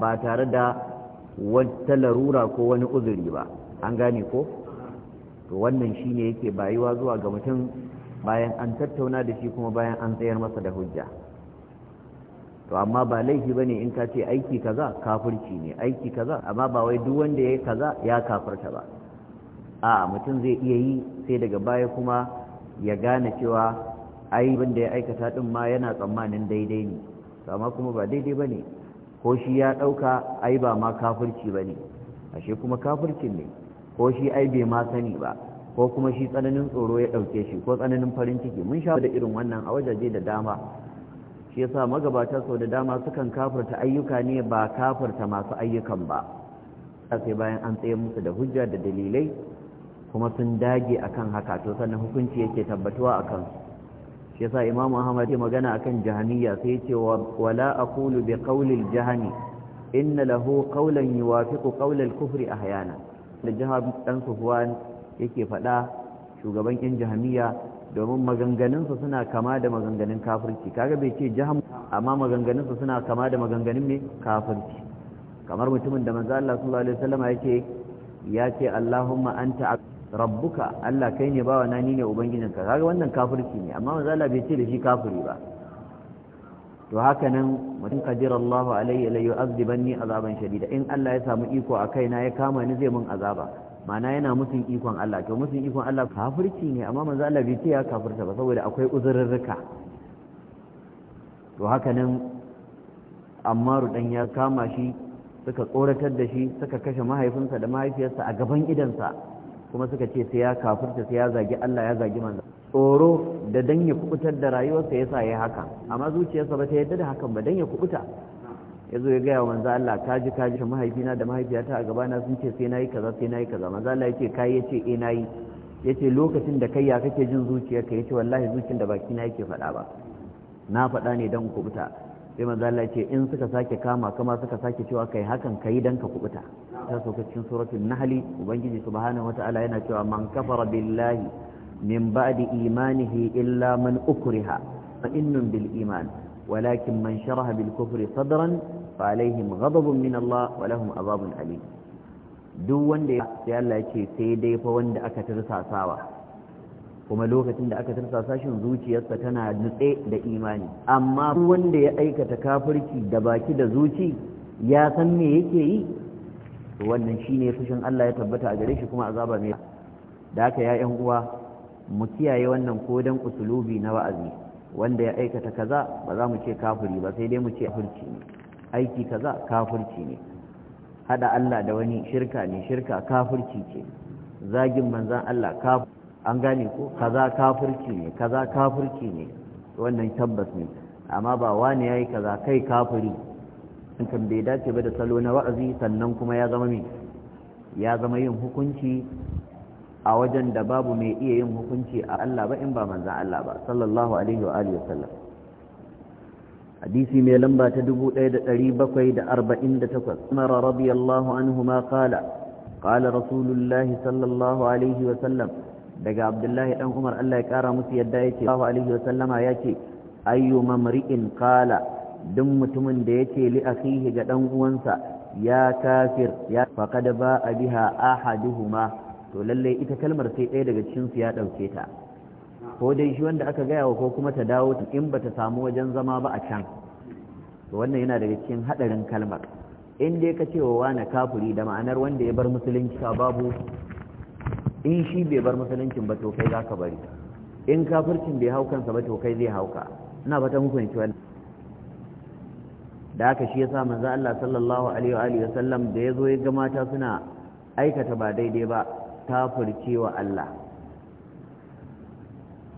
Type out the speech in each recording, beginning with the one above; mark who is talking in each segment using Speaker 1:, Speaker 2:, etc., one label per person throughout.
Speaker 1: ba tare da wata larura ko wani uzuri ba an gane ko to wannan shine yake bayuwa zuwa ga mutum bayan an tattauna da shi kuma bayan an tsayar masa da hujja to amma ba laifi bane in ka ce aiki kaza kafirci ne aiki kaza amma ba wai duk wanda yayi kaza ya kafirta ba a mutum zai iya yi sai daga baya kuma ya gane cewa ai da ya aikata din ma yana tsammanin daidai ne amma kuma ba daidai bane ko shi ya ɗauka ai ba ma kafirci ba ne ashe kuma kafircin ne ko shi ai bai ma sani ba ko kuma shi tsananin tsoro ya ɗauke shi ko tsananin farin ciki mun sha da irin wannan a wajaje da dama shi yasa magabata sau da dama sukan kafirta ayyuka ne ba kafirta masu ayyukan ba sai bayan an tsaye musu da hujja da dalilai kuma sun dage akan haka to sannan hukunci yake tabbatuwa a kansu. shi yasa imam ahmad ya magana akan jahaniya sai ya ce wala aqulu bi qawli jahani inna lahu qawlan yuwafiqu qawla al-kufri ahyana da jihar dan sufwan yake faɗa shugaban yan jahaniya domin maganganunsa suna kama da maganganun kafirci kaga bai ce jaham amma maganganunsa suna kama da maganganun ne kafirci kamar mutumin da manzo Allah sallallahu alaihi wasallam yake ya ce Allahumma anta rabbuka Allah kai ne bawa na ni ne ubangijinka kaga wannan kafirci ne amma manzo Allah bai ce da shi kafiri ba to haka nan mutum kadir Allahu alayya la yu'adhibanni azaban shadida in Allah ya samu iko a kaina ya kama ni zai mun azaba mana yana musun ikon Allah to musun ikon Allah kafirci ne amma manzo Allah bai ce ya kafirta ba saboda akwai uzurrurruka to haka nan Ammaru dan ya kama shi suka tsoratar da shi suka kashe mahaifinsa da mahaifiyarsa a gaban idansa kuma suka ce sai ya kafirta sai ya zagi Allah ya zagi manzo tsoro da dan ya kubutar da rayuwarsa yasa yayi haka amma zuciyarsa ba ta yarda da hakan ba dan ya kubuta yazo ya gaya wa manzo Allah kaji kaji mahaifina da mahaifiyata a gaba na sun ce sai nayi kaza sai nayi kaza manzo Allah yake kai yace eh nayi yace lokacin da kai ya kake jin zuciyarka yace wallahi zuciyar da baki na yake faɗa ba na faɗa ne dan kubuta sai manzo Allah ce in suka sake kama kama suka sake cewa kai hakan kai dan ka kubuta ta so cikin suratul nahl ubangiji subhanahu wataala yana cewa man kafara billahi min ba'di imanihi illa man ukriha fa innun bil iman walakin man sharaha bil kufri sadran fa alaihim ghadabun min Allah wa lahum azabun alim duk wanda sai Allah ya ce sai dai fa wanda aka tirsasawa kuma lokacin da aka tarsa sashin zuciyarsa tana nutse da imani amma wanda ya aikata kafirci da baki da zuci ya san me yake yi wannan shine fushin Allah ya tabbata a gare shi kuma azaba mai da haka ya yan uwa mu kiyaye wannan kodan usulubi na wa'azi wanda ya aikata kaza ba za mu ce kafiri ba sai dai mu ce kafirci ne aiki kaza kafirci ne hada Allah da wani shirka ne shirka kafirci ce zagin manzan Allah kafirci an gane ko kaza kafirci ne kaza kafirci ne wannan tabbas ne amma ba wani yayi kaza kai kafiri in bai dace ba da salo na wa'azi sannan kuma ya zama me ya zama yin hukunci a wajen da babu mai iya yin hukunci a Allah ba in ba manzan Allah ba sallallahu alaihi wa alihi wasallam hadisi mai lamba ta 1748 Umar radiyallahu anhu ma qala qala rasulullahi sallallahu alaihi wa sallam daga abdullahi dan umar Allah ya kara musu yadda ya ce sallallahu alaihi wasallama sallama ce, ayyu mamri'in qala duk mutumin da yake li akhihi ga dan uwansa ya kafir ya faqad ba'a biha ahaduhuma to lalle ita kalmar sai ɗaya daga cikin su ya dauke ta ko dai shi wanda aka gaya wa ko kuma ta dawo in bata samu wajen zama ba a can to wannan yana daga cikin hadarin kalmar in dai ka ce wa wani kafiri da ma'anar wanda ya bar musulunci babu in shi bai bar musuluncin ba to kai za ka bari in kafircin bai hau kansa ba to kai zai hauka ina fata muku fahimci wannan da aka shi yasa manzo Allah sallallahu alaihi wa alihi sallam da zo ya ga mata suna aikata ba daidai ba kafircewa Allah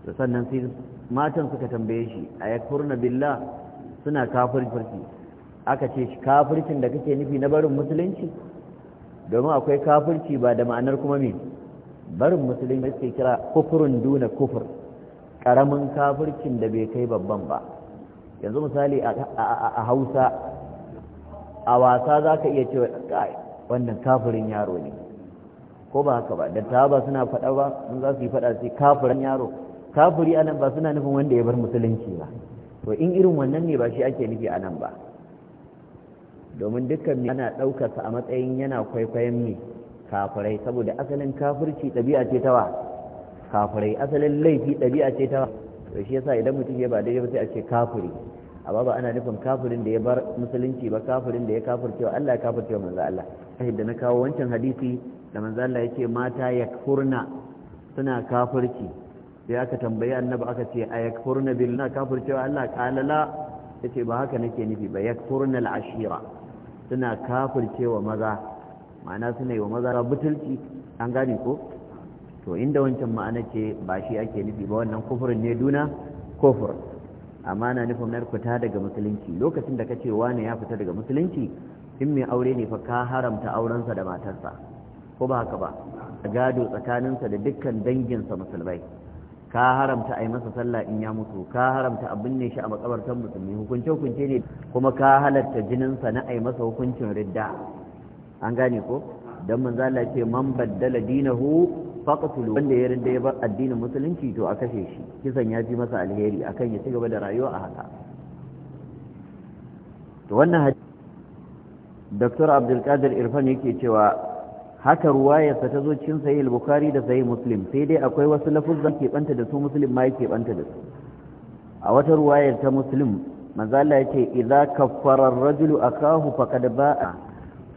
Speaker 1: to sannan sai matan suka tambaye shi ayakurna billah suna kafirci aka ce shi kafircin da kake nufi na barin musulunci domin akwai kafirci ba da ma'anar kuma me barin musulmi suke kira kufurin duna kufur ƙaramin kafircin da bai kai babban ba yanzu misali a hausa a wasa za ka iya cewa wannan kafirin yaro ne ko ba haka ba da ta ba suna faɗa ba sun za su yi faɗa su kafirin yaro kafiri a nan ba suna nufin wanda ya bar musulunci ba to in irin wannan ne ba shi ake nufi a nan ba domin dukkan ana ɗaukarsa a matsayin yana kwaikwayon mai kafirai saboda asalin kafirci ɗabi'a ce tawa kafirai asalin laifi ɗabi'a ce tawa to shi yasa idan mutum ya ba daidai ba sai a ce kafiri amma ba ana nufin kafirin da ya bar musulunci ba kafirin da ya kafircewa Allah ya kafircewa manzo Allah sai da na kawo wancan hadisi da manzo Allah yake mata yakfurna suna kafirci sai aka tambayi annabi aka ce a yakfurna billah kafircewa Allah qala la yace ba haka nake nufi ba yakfurna al-ashira suna kafircewa maza ma'ana suna yi wa maza butulci an gane ko to inda wancan ma'ana ce ba shi ake nufi ba wannan kufurin ne duna kufur amma na nufin na fita daga musulunci lokacin da ka ce wane ya fita daga musulunci in mai aure ne fa ka haramta aurensa da matarsa ko ba haka ba a gado tsakaninsa da dukkan danginsa musulmai ka haramta a yi masa sallah in ya mutu ka haramta abin ne shi a makabartan musulmi hukunce hukunce ne kuma ka halatta jininsa na a yi masa hukuncin ridda an gane ko dan manzo Allah ce man baddala dinahu faqtulu wanda ya rinda ya bar addinin musulunci to a kashe shi kisan ya ji masa alheri akan ya ci gaba da rayuwa a haka to wannan Dr. Abdulkadir Irfan yake cewa haka ruwayarsa ta zo cikin sahih al-Bukhari da sahih Muslim sai dai akwai wasu lafuzan ke banta da su Muslim ma yake banta da su a wata ruwayar ta Muslim manzo Allah yake idza kaffara ar-rajulu akahu faqad ba'a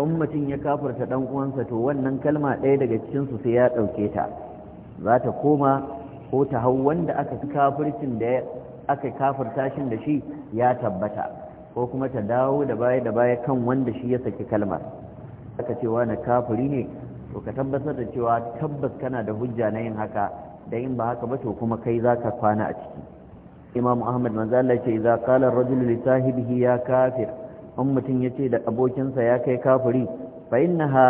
Speaker 1: in mutum ya kafarta dan uwansa to wannan kalma ɗaya daga cikin su sai ya ɗauke ta za ta koma ko ta hau wanda aka fi kafircin da aka kafirta shi da shi ya tabbata ko kuma ta dawo da baya da baya kan wanda shi ya saki kalmar aka cewa na kafiri ne to ka tabbatar da cewa tabbas kana da hujja na yin haka da in ba haka ba to kuma kai za ka kwana a ciki imam ahmad manzala ce za qala ar-rajulu li sahibihi ya kafir in mutum ya ce da abokinsa ya kai kafuri fa ha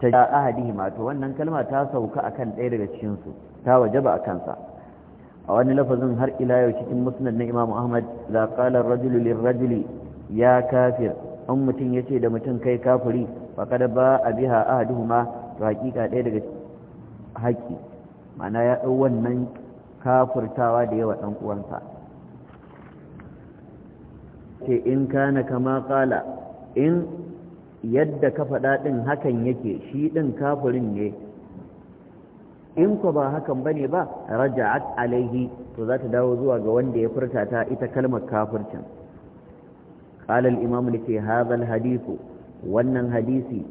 Speaker 1: ta ja ahadihima to wannan kalma ta sauka akan ɗaya daga cikin su ta ba a kansa a wani lafazin har ila yau cikin musnad na Imam Ahmad la qala ar-rajulu ya kafir in mutum ya ce da mutum kai kafuri fa kada ba abiha ahaduhuma to hakika ɗaya daga haƙi ma'ana ya ɗau wannan kafurtawa da yawa ɗan uwansa ce in kana kama kala in yadda ka faɗa ɗin hakan yake shi ɗin kafirin ne in ko ba hakan ba ne ba raja'at alaihi to za ta dawo zuwa ga wanda ya furta ta ita kalmar kafircin ƙalar imam da ke hazal hadisu wannan hadisi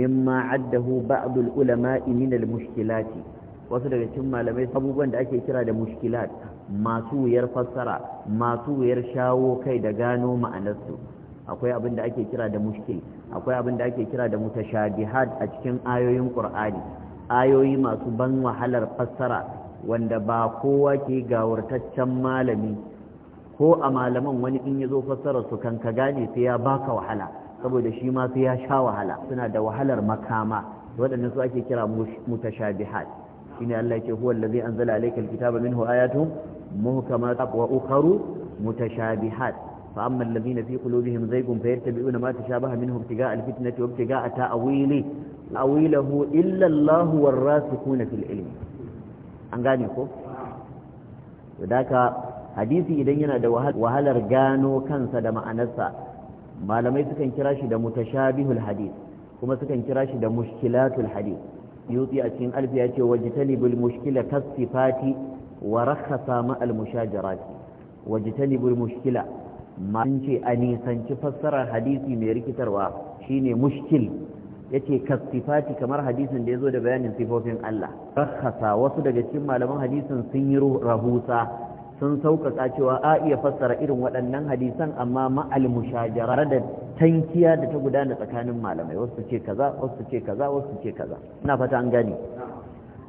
Speaker 1: mimma addahu ba'dul ulama'i min mushkilati wasu daga cikin malamai abubuwan da ake kira da mushkilat masu wuyar fassara masu wuyar shawo kai da gano ma'anarsu akwai abin da ake kira da mushkil akwai abin da ake kira da mutashabihat a cikin ayoyin qur'ani ayoyi masu ban wahalar fassara wanda ba kowa ke gawurtaccen malami ko a malaman wani in ya zo fassara su kan ka gane sai ya baka wahala saboda shi ma sai ya sha wahala suna da wahalar makama waɗannan su ake kira mutashabihat shine Allah yake huwa allazi anzala alayka alkitaba minhu ayatun muhkamat wa ukharu mutashabihat fa amma allazina fi qulubihim zaygun fayattabi'una ma tashabaha minhu ibtigaa alfitnati wa ibtigaa ta'wili ta'wilahu illa Allah warasikuna fil ilmi an gane ko ka hadisi idan yana da wahalar gano kansa da ma'anarsa malamai sukan kira shi da mutashabihul hadith kuma sukan kira shi da mushkilatul hadith yutsi a cikin alfi ya ce wajtanibul mushkila tasifati wa rakasa ma al waje wajtanibul mushkila ma ce a nisanci fassarar hadisi mai rikitarwa shine mushkil yace kasifati kamar hadisin da ya zo da bayanin sifofin Allah rakasa wasu daga cikin malaman hadisin sun yi rahusa sun sauƙaƙa cewa a iya fassara irin waɗannan hadisan amma ma'al mushajara da tankiya da ta gudana tsakanin malamai wasu ce kaza wasu ce kaza wasu ce kaza ina fata an gane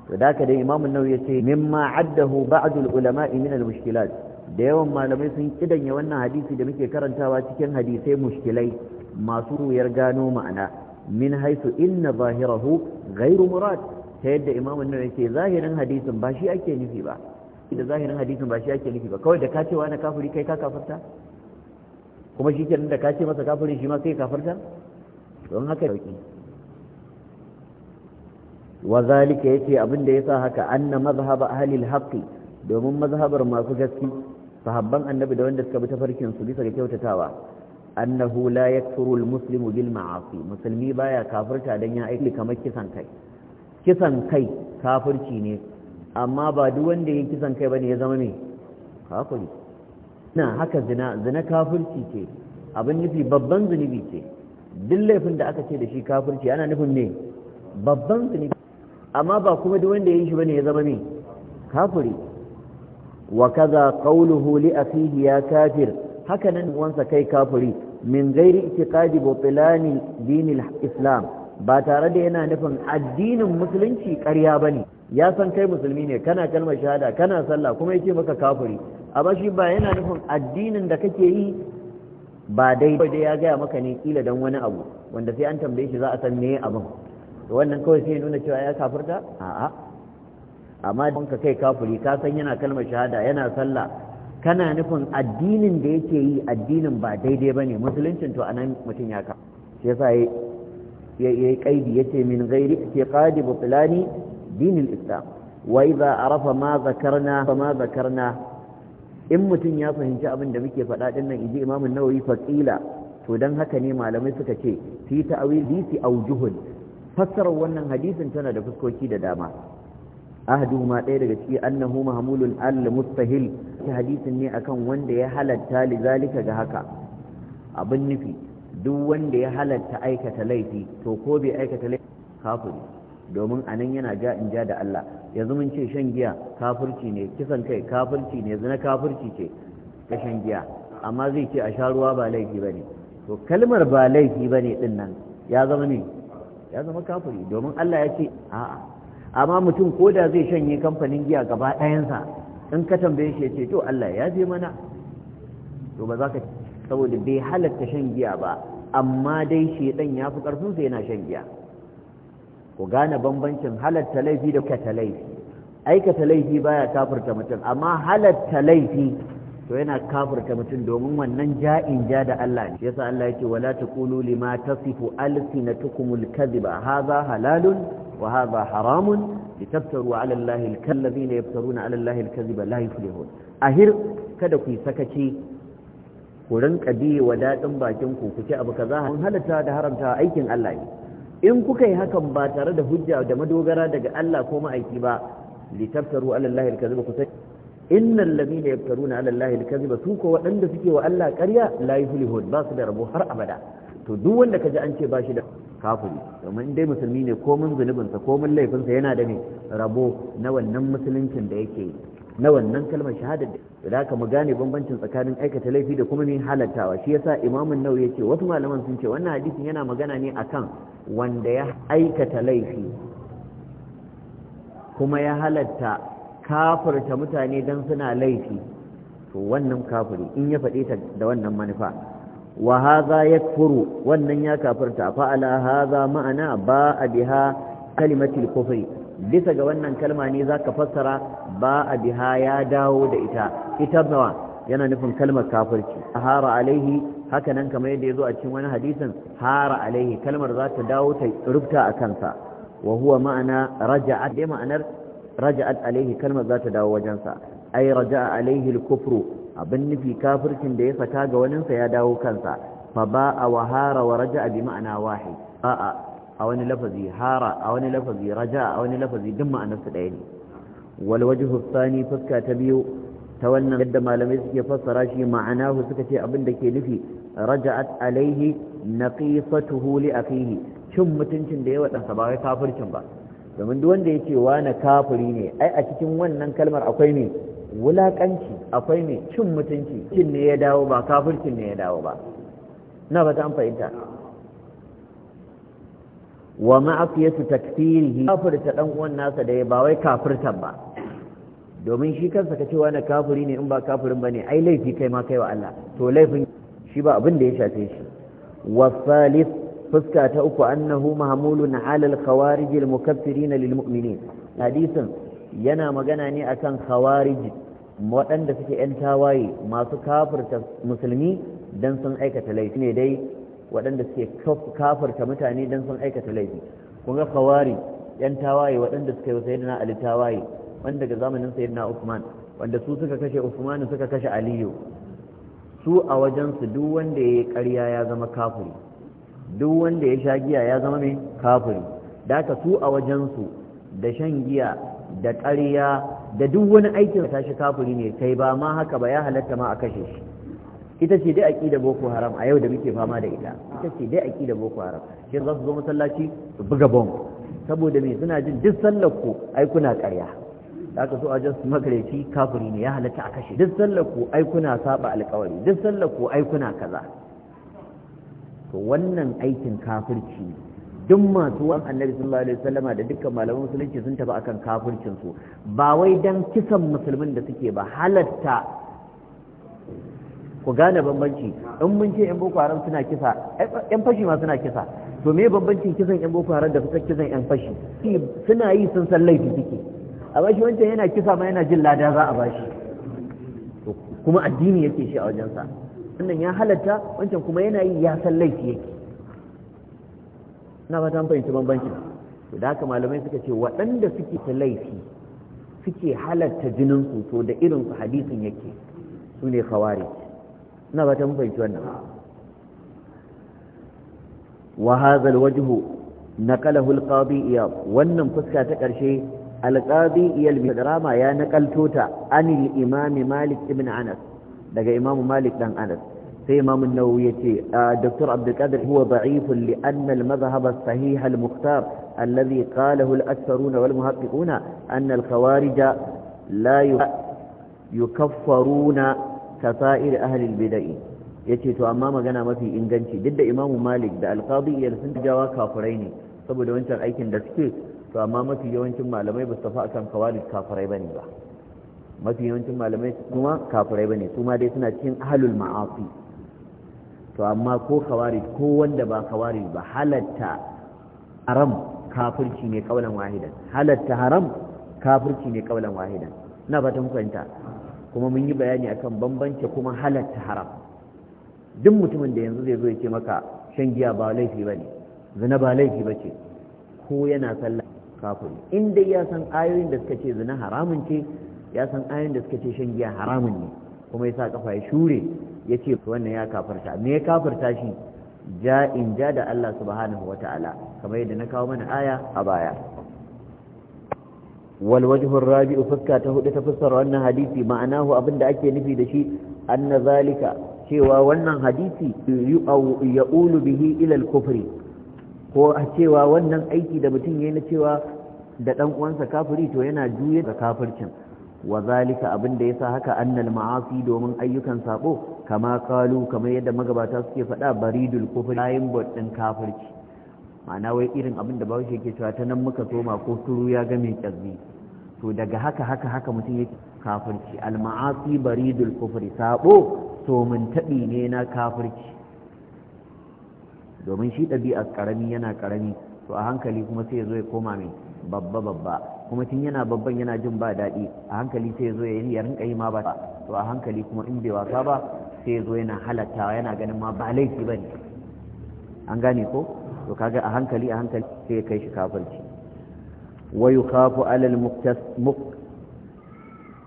Speaker 1: to da ka dai imamu nawawi yace mimma addahu ba'dul ulama'i min al mushkilat da yawan malamai sun kidanya wannan hadisi da muke karantawa cikin hadisai mushkilai masu ruyar gano ma'ana min haisu inna zahirahu ghairu murad ta yadda imamu nawawi yace zahirin hadisin ba shi ake nufi ba da zahirin hadisin ba shi yake nufi ba kawai da ka ce wani kafiri kai ka kafarta kuma shi kenan da ka ce masa kafirin shi ma kai kafarta don haka sauki wa zalika yace abin da yasa haka anna mazhab ahli alhaq domin mazhabar masu gaske sahabban annabi da wanda suka bi tafarkin su bisa ga kyautatawa annahu la yakfuru almuslimu bil ma'asi musulmi baya kafirta dan ya aiki kamar kisan kai kisan kai kafirci ne amma ba duk wanda yake kisan kai bane ya zama mai kafiri na haka zina zina kafirci ce abin nufi babban zunubi ce duk laifin da aka ce da shi kafirci ana nufin ne babban zunubi amma ba kuma duk wanda yake shi bane ya zama mai kafiri wa kaza qawluhu li akhihi ya kafir haka nan wansa kai kafiri min gairi itiqadi butlani dinil islam ba tare da yana nufin addinin musulunci ƙarya bane ya san kai musulmi ne kana kalmar shahada kana sallah kuma yake maka kafiri amma shi ba yana nufin addinin da kake yi ba daidai da ya gaya maka ne kila dan wani abu wanda sai an tambaye shi za a san meye abin to wannan kawai sai ya nuna cewa ya kafirta a'a amma don ka kai kafiri ka san yana kalmar shahada yana sallah kana nufin addinin da yake yi addinin ba daidai bane musuluncin to anan mutum ya ka shi yasa ya yi kaidi yace min ghairi i'tiqadi butlani dinin islam wa idza arafa ma zakarna fa in mutum ya fahimci abin da muke faɗa din nan inji imamu nawawi faqila to dan haka ne malamai suka ce fi ta'wili fi aujuhun fassarar wannan hadisin tana da fuskoki da dama ma ɗaya daga ciki annahu mahmulun al mustahil ta hadisin ne akan wanda ya halatta lizalika ga haka abin nufi duk wanda ya halatta aikata laifi to ko bai aikata laifi kafiri domin a nan yana ja in ja da Allah yanzu mun ce shan giya kafirci ne kisan kai kafirci ne yanzu na kafirci ce ta shan giya amma zai ce a sha ruwa ba laifi ba ne to kalmar ba laifi ba ne ɗin nan ya zama ne ya zama kafiri domin Allah ya ce a'a amma mutum ko da zai shanye kamfanin giya gaba ɗayansa in ka tambaye shi ya ce to Allah ya je mana to ba za ka saboda bai halatta shan giya ba amma dai shi ya fi sai yana shan giya ku gane bambancin halatta laifi da kata laifi aikata laifi baya kafirta mutum amma halatta laifi to yana kafirta mutum domin wannan ja'in ja da Allah ne yasa Allah yake wala taqulu lima tasifu alsinatukumul kadhiba hadha halalun wa hadha haramun litaftaru ala allahi alkallazina yaftaruna ala allahi alkadhiba la yuflihun ahir kada ku sakaci ku rinka biye wa dadin bakin ku ku ci abu kaza halatta da haramta aikin Allah ne in kuka yi hakan ba tare da hujja da madogara daga Allah ko ma'aiki ba litaftaru ala Allah alkaziba ku sai innal ladina yaftaruna ala Allah alkaziba su ko waɗanda suke wa Allah ƙarya la yuflihun ba su da rabo har abada to duk wanda kaji an ce ba shi da kafiri domin dai musulmi ne ko mun zunubinsa ko mun laifinsa yana da ne rabo na wannan musuluncin da yake na wannan kalmar shahada da haka mu gane bambancin tsakanin aikata laifi da kuma ne halattawa shi yasa imamun nawawi yace wasu malaman sun ce wannan hadisin yana magana ne akan wanda ya aikata laifi kuma ya halatta kafirta mutane don suna laifi to wannan kafiri in ya faɗi ta da wannan manufa wa haza furu wannan ya kafirta fa ala haza ma'ana ba a biha kalimatul kufri bisa ga wannan kalma ne za ka fassara ba a biha ya dawo da ita ita nawa yana nufin kalmar kafirci hara alaihi haka nan kamar yadda ya zo a cikin wani hadisin hara alaihi kalmar za ta dawo ta rubuta a kansa wa huwa ma'ana raja'at dai ma'anar raja'at alaihi kalmar za ta dawo wajensa ai raja'a alaihi al-kufru abin nufi kafircin da ya saka ga waninsa ya dawo kansa fa ba'a wa hara wa raja'a bi ma'ana wahid a'a a wani lafazi hara a wani lafazi raja'a a wani lafazi duk ma'anarsu ɗaya ne wal wajhu thani fuska ta biyu ta wannan yadda malamai suke fassara shi ma'anahu suka ce abin da ke nufi raja'at alaihi naqisatuhu li akhihi cin mutuncin da yawa dan sa ba wai kafircin ba domin duk wanda yake wani kafiri ne ai a cikin wannan kalmar akwai ne wulakanci akwai ne cin mutunci cin ne ya dawo ba kafircin ne ya dawo ba na ba ta an fahimta wa ma'afiyatu takfirihi kafirta dan uwan nasa da ya ba wai kafirtan ba domin shi kansa ka cewa na kafuri ne in ba kafirin ne, ai laifi kai ma kai wa Allah to laifin shi ba abin da ya shafe shi wa salif fuska ta uku annahu mahmulun ala al khawarij al mukaffirin lil mu'minin hadisin yana magana ne akan khawarij waɗanda suke yan tawaye masu kafirta musulmi dan sun aikata laifi ne dai waɗanda suke kafirta mutane dan sun aikata laifi kun ga khawarij yan tawaye waɗanda suka yi sayyidina ali tawaye wanda daga zamanin sayyidina Usman, wanda su suka kashe Uthman suka kashe Aliyu su a wajen su duk wanda yayi ƙarya ya zama kafiri duk wanda ya sha giya ya zama mai kafiri daka su a wajen su da shan giya da ƙarya da duk wani aikin sa shi kafiri ne kai ba ma haka ba ya halatta ma a kashe shi ita ce dai aqida boko haram a yau da muke fama da ita ita ce dai aqida boko haram shi za su zo masallaci su buga bom. saboda me suna jin duk sallar ku ai kuna ƙarya aka so a jan magareci kafiri ne ya halatta a kashe duk sallar ku ai kuna saba alkawari duk sallar ku ai kuna kaza to wannan aikin kafirci duk masu wan annabi sallallahu alaihi wasallama da dukkan malaman musulunci sun tafi akan kafircin su ba wai dan kisan musulmin da suke ba halatta ku gane bambanci in mun ce yan boko haram suna kisa yan fashi ma suna kisa to me bambancin kisan yan boko haram da kisan yan fashi suna yi sun san laifi suke a bashi wancan yana kisa ma yana jin lada za a bashi kuma addini yake shi a wajensa wannan ya halatta wancan kuma yana yi ya san laifi yake na fata fahimci bambancin to da haka malamai suka ce waɗanda suke ta laifi suke halatta jinin su to da irin su hadisin yake su ne kawari na fata fahimci wannan wa hadha alwajhu naqalahu alqadi iyad wannan fuska ta ƙarshe alqadi iyal bidrama ya nakalto ta anil imam malik ibn anas daga imam malik dan anas sai imam an-nawawi yace ah, dr abdul qadir huwa da'if li anna al-madhhab as-sahih al-mukhtar alladhi qalahu al-aktharun wal muhaqqiquna anna al-khawarij la yukaffaruna ka sa'ir ahli al-bid'ah ya to amma magana mafi inganci duk da imamu malik da alkazi iyar sun jawa kafurai ne saboda wancan aikin da suke to amma mafi yawancin malamai ba su tafi akan kawalid kafirai bane ba mafi yawancin malamai kuma kafirai bane su ma dai suna cikin ahlul ma'asi to amma ko kawari ko wanda ba kawari ba halatta haram kafirci ne kaulan wahidan halatta haram kafirci ne kaulan wahidan ina fatan fahimta kuma mun yi bayani akan bambance kuma halatta haram duk mutumin da yanzu zai zo ya ce maka shan giya ba laifi bane zina ba laifi bace ko yana sallah kafiri in dai ya san ayoyin da suka ce zina haramun ce ya san ayoyin da suka ce shan giya haramun ne kuma ya sa kafa ya shure ya ce wannan ya kafarta me ya kafarta shi ja in ja da Allah subhanahu wa ta'ala kamar yadda na kawo mana aya a baya wal wajhur rabi'u fuska ta hudu ta fassara wannan hadisi ma'anahu abinda ake nufi da shi anna zalika cewa wannan hadisi ulu bihi ila al-kufri ko a cewa wannan aiki da mutum yi na cewa da dan uwansa kafiri to yana juye da kafircin wa zalika abin da ya sa haka annal ma'asi domin ayyukan sabo kama kalu kamar yadda magabata suke faɗa baridul kufri layin bot kafirci ma'ana wai irin abin da bahaushe yake cewa ta nan muka soma ko turu ya ga mai kyazzi to daga haka haka haka mutum yake kafirci al ma'asi baridul kufri sabo to mun tabi ne na kafirci domin shi ɗabi'a ƙarami yana ƙarami to a hankali kuma sai ya zo ya koma mai babba babba kuma tun yana babban yana jin ba daɗi a hankali sai ya zo ya rinka yi ma ba to a hankali kuma in bai wasa ba sai ya zo yana halattawa yana ganin ma ba laifi ba ne an gane ko to kaga a hankali a hankali sai ya kai shi kafirci wa yukhafu alal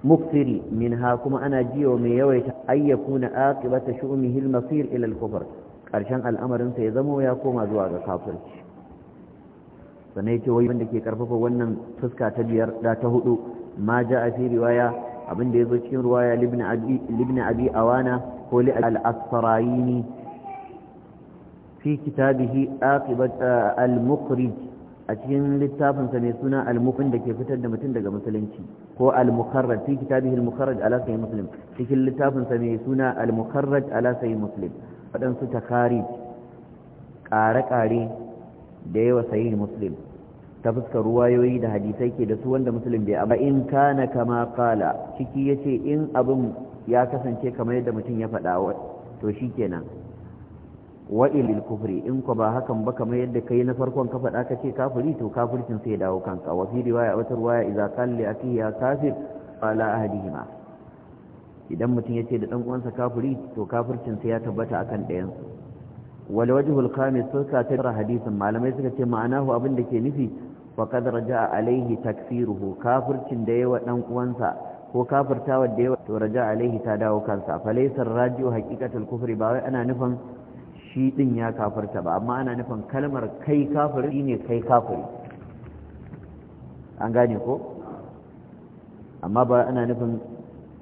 Speaker 1: min minha kuma ana jiyo mai yawaita ayyakuna aqibata shu'mihi al-masir ila al-kufr ƙarshen al'amarinsa ya zamo ya koma zuwa ga kafirci sannan ce wai wanda ke karfafa wannan fuska ta biyar da ta hudu ma ja a fi riwaya abin da ya zo cikin riwaya libni abi awana ko li al-asfarayini fi kitabihi aqibat uh, al-mukhrij a cikin littafinsa mai suna al-mukhrij da ke fitar da mutum daga musulunci ko al-mukarraj fi kitabihi al-mukarraj ala sahih muslim cikin littafinsa mai suna al-mukarraj ala sahih muslim waɗansu takari ƙare-ƙare da yawa sayi muslim ta fuskar ruwayoyi da hadisai ke da su wanda musulun bai abu in kana kama kala ciki ya ce in abin ya kasance kamar yadda mutum ya faɗa to shi kenan wa'ilil kufri in ko ba hakan ba kamar yadda kai na farkon ka faɗa ka ce kafuri to kafurcin sai dawo kanka wa fi riwaya wata riwaya a qalla akiya kafir ala ahadihima idan mutum ya ce da ɗan'uwansa kafuri to kafircinsa ya tabbata a kan ɗayansu wale waje khamis sun ka tara hadisin malamai suka ce ma'anahu abin da ke nufi fa kad raja'a alaihi takfiruhu kafircin da yawa ɗan uwansa ko kafirtawa da yawa to raja alaihi ta dawo kansa fa laysa raji'u haqiqatul kufri ba wai ana nufin shi din ya kafirta ba amma ana nufin kalmar kai kafiri ne kai kafiri an gane ko amma ba ana nufin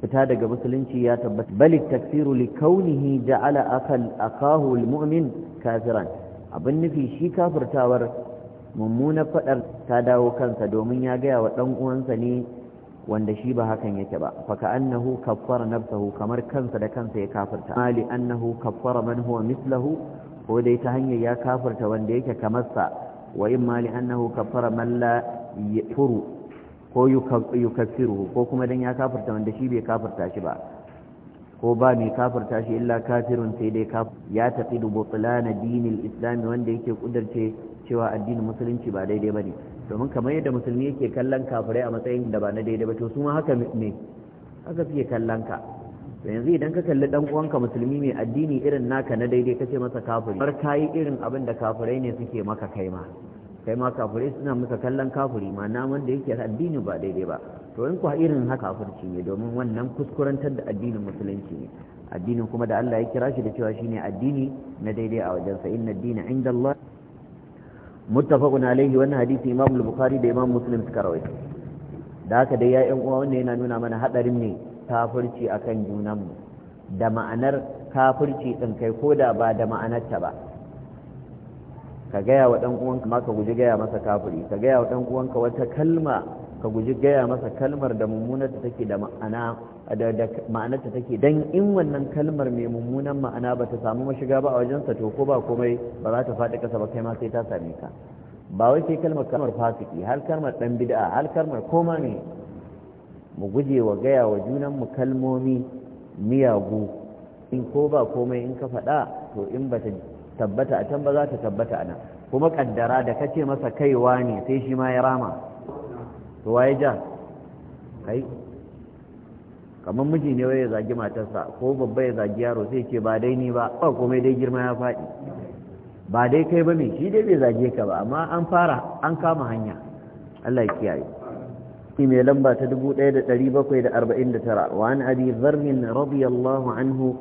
Speaker 1: fita daga musulunci ya tabbata bali takfiru li kaunihi ja'ala akal akahu almu'min kafiran abin nufi shi kafirtawar mummunar fadar ta dawo kansa domin ya gaya wa dan uwansa ne wanda shi ba hakan yake ba faka annahu kaffara nafsahu kamar kansa da kansa ya kafirta mali annahu kaffara man huwa mislahu ko dai ta hanyar ya kafirta wanda yake kamar sa wa in mali annahu kaffara man la yafuru ko yukafiru ko kuma dan ya kafirta wanda shi bai kafirta shi ba ko ba mai kafirta shi illa kafirun sai dai kafir ya taqidu butlana dinil islam wanda yake kudarce cewa addinin musulunci ba daidai bane domin kamar yadda musulmi yake kallon kafirai a matsayin da ba na daidai ba to su ma haka ne haka suke kallon ka to yanzu idan ka kalli dan uwanka musulmi mai addini irin naka na daidai kace masa kafiri bar kai irin abin da kafirai ne suke maka kaima. kai ma kafirai suna masa kallon kafuri ma naman da yake addini ba daidai ba to in kuwa irin haka kafirci ne domin wannan kuskurantar da addinin musulunci ne addinin kuma da Allah ya kira shi da cewa shine addini na daidai a wajensa inna addini inda Allah muttafaqun alaihi wannan hadisi Imam al-Bukhari da Imam Muslim suka rawaito da haka dai ya yan uwa wannan yana nuna mana hadarin ne kafirci akan junanmu da ma'anar kafirci din kai koda ba da ma'anar ta ba ka gaya wa ɗan uwanka ma ka guji gaya masa kafiri ka gaya wa ɗan uwanka wata kalma ka guji gaya masa kalmar da mummunar ta take da ma'ana da ma'anar ta take dan in wannan kalmar mai mummunan ma'ana ba ta samu mashiga ba a wajensa to ko ba komai ba za ta faɗi ƙasa ba kai ma sai ta same ka ba wai sai kalmar kalmar fasiki har kalmar ɗan bid'a har kalmar koma ne mu guje wa gaya wa junanmu kalmomi miyagu in ko ba komai in ka faɗa to in ba ta tabbata a can ba za ta tabbata a nan kuma kaddara da kace masa kaiwa ne sai shi ma ya rama to waye ja kai kamar miji ne ya zagi matarsa ko babba ya zagi yaro sai ce ba dai ni ba ba komai dai girma ya faɗi ba dai kai ba ne shi dai bai zage ka ba amma an fara an kama hanya Allah ya kiyaye shi mai lamba ta da wa an وعن dharr ذر anhu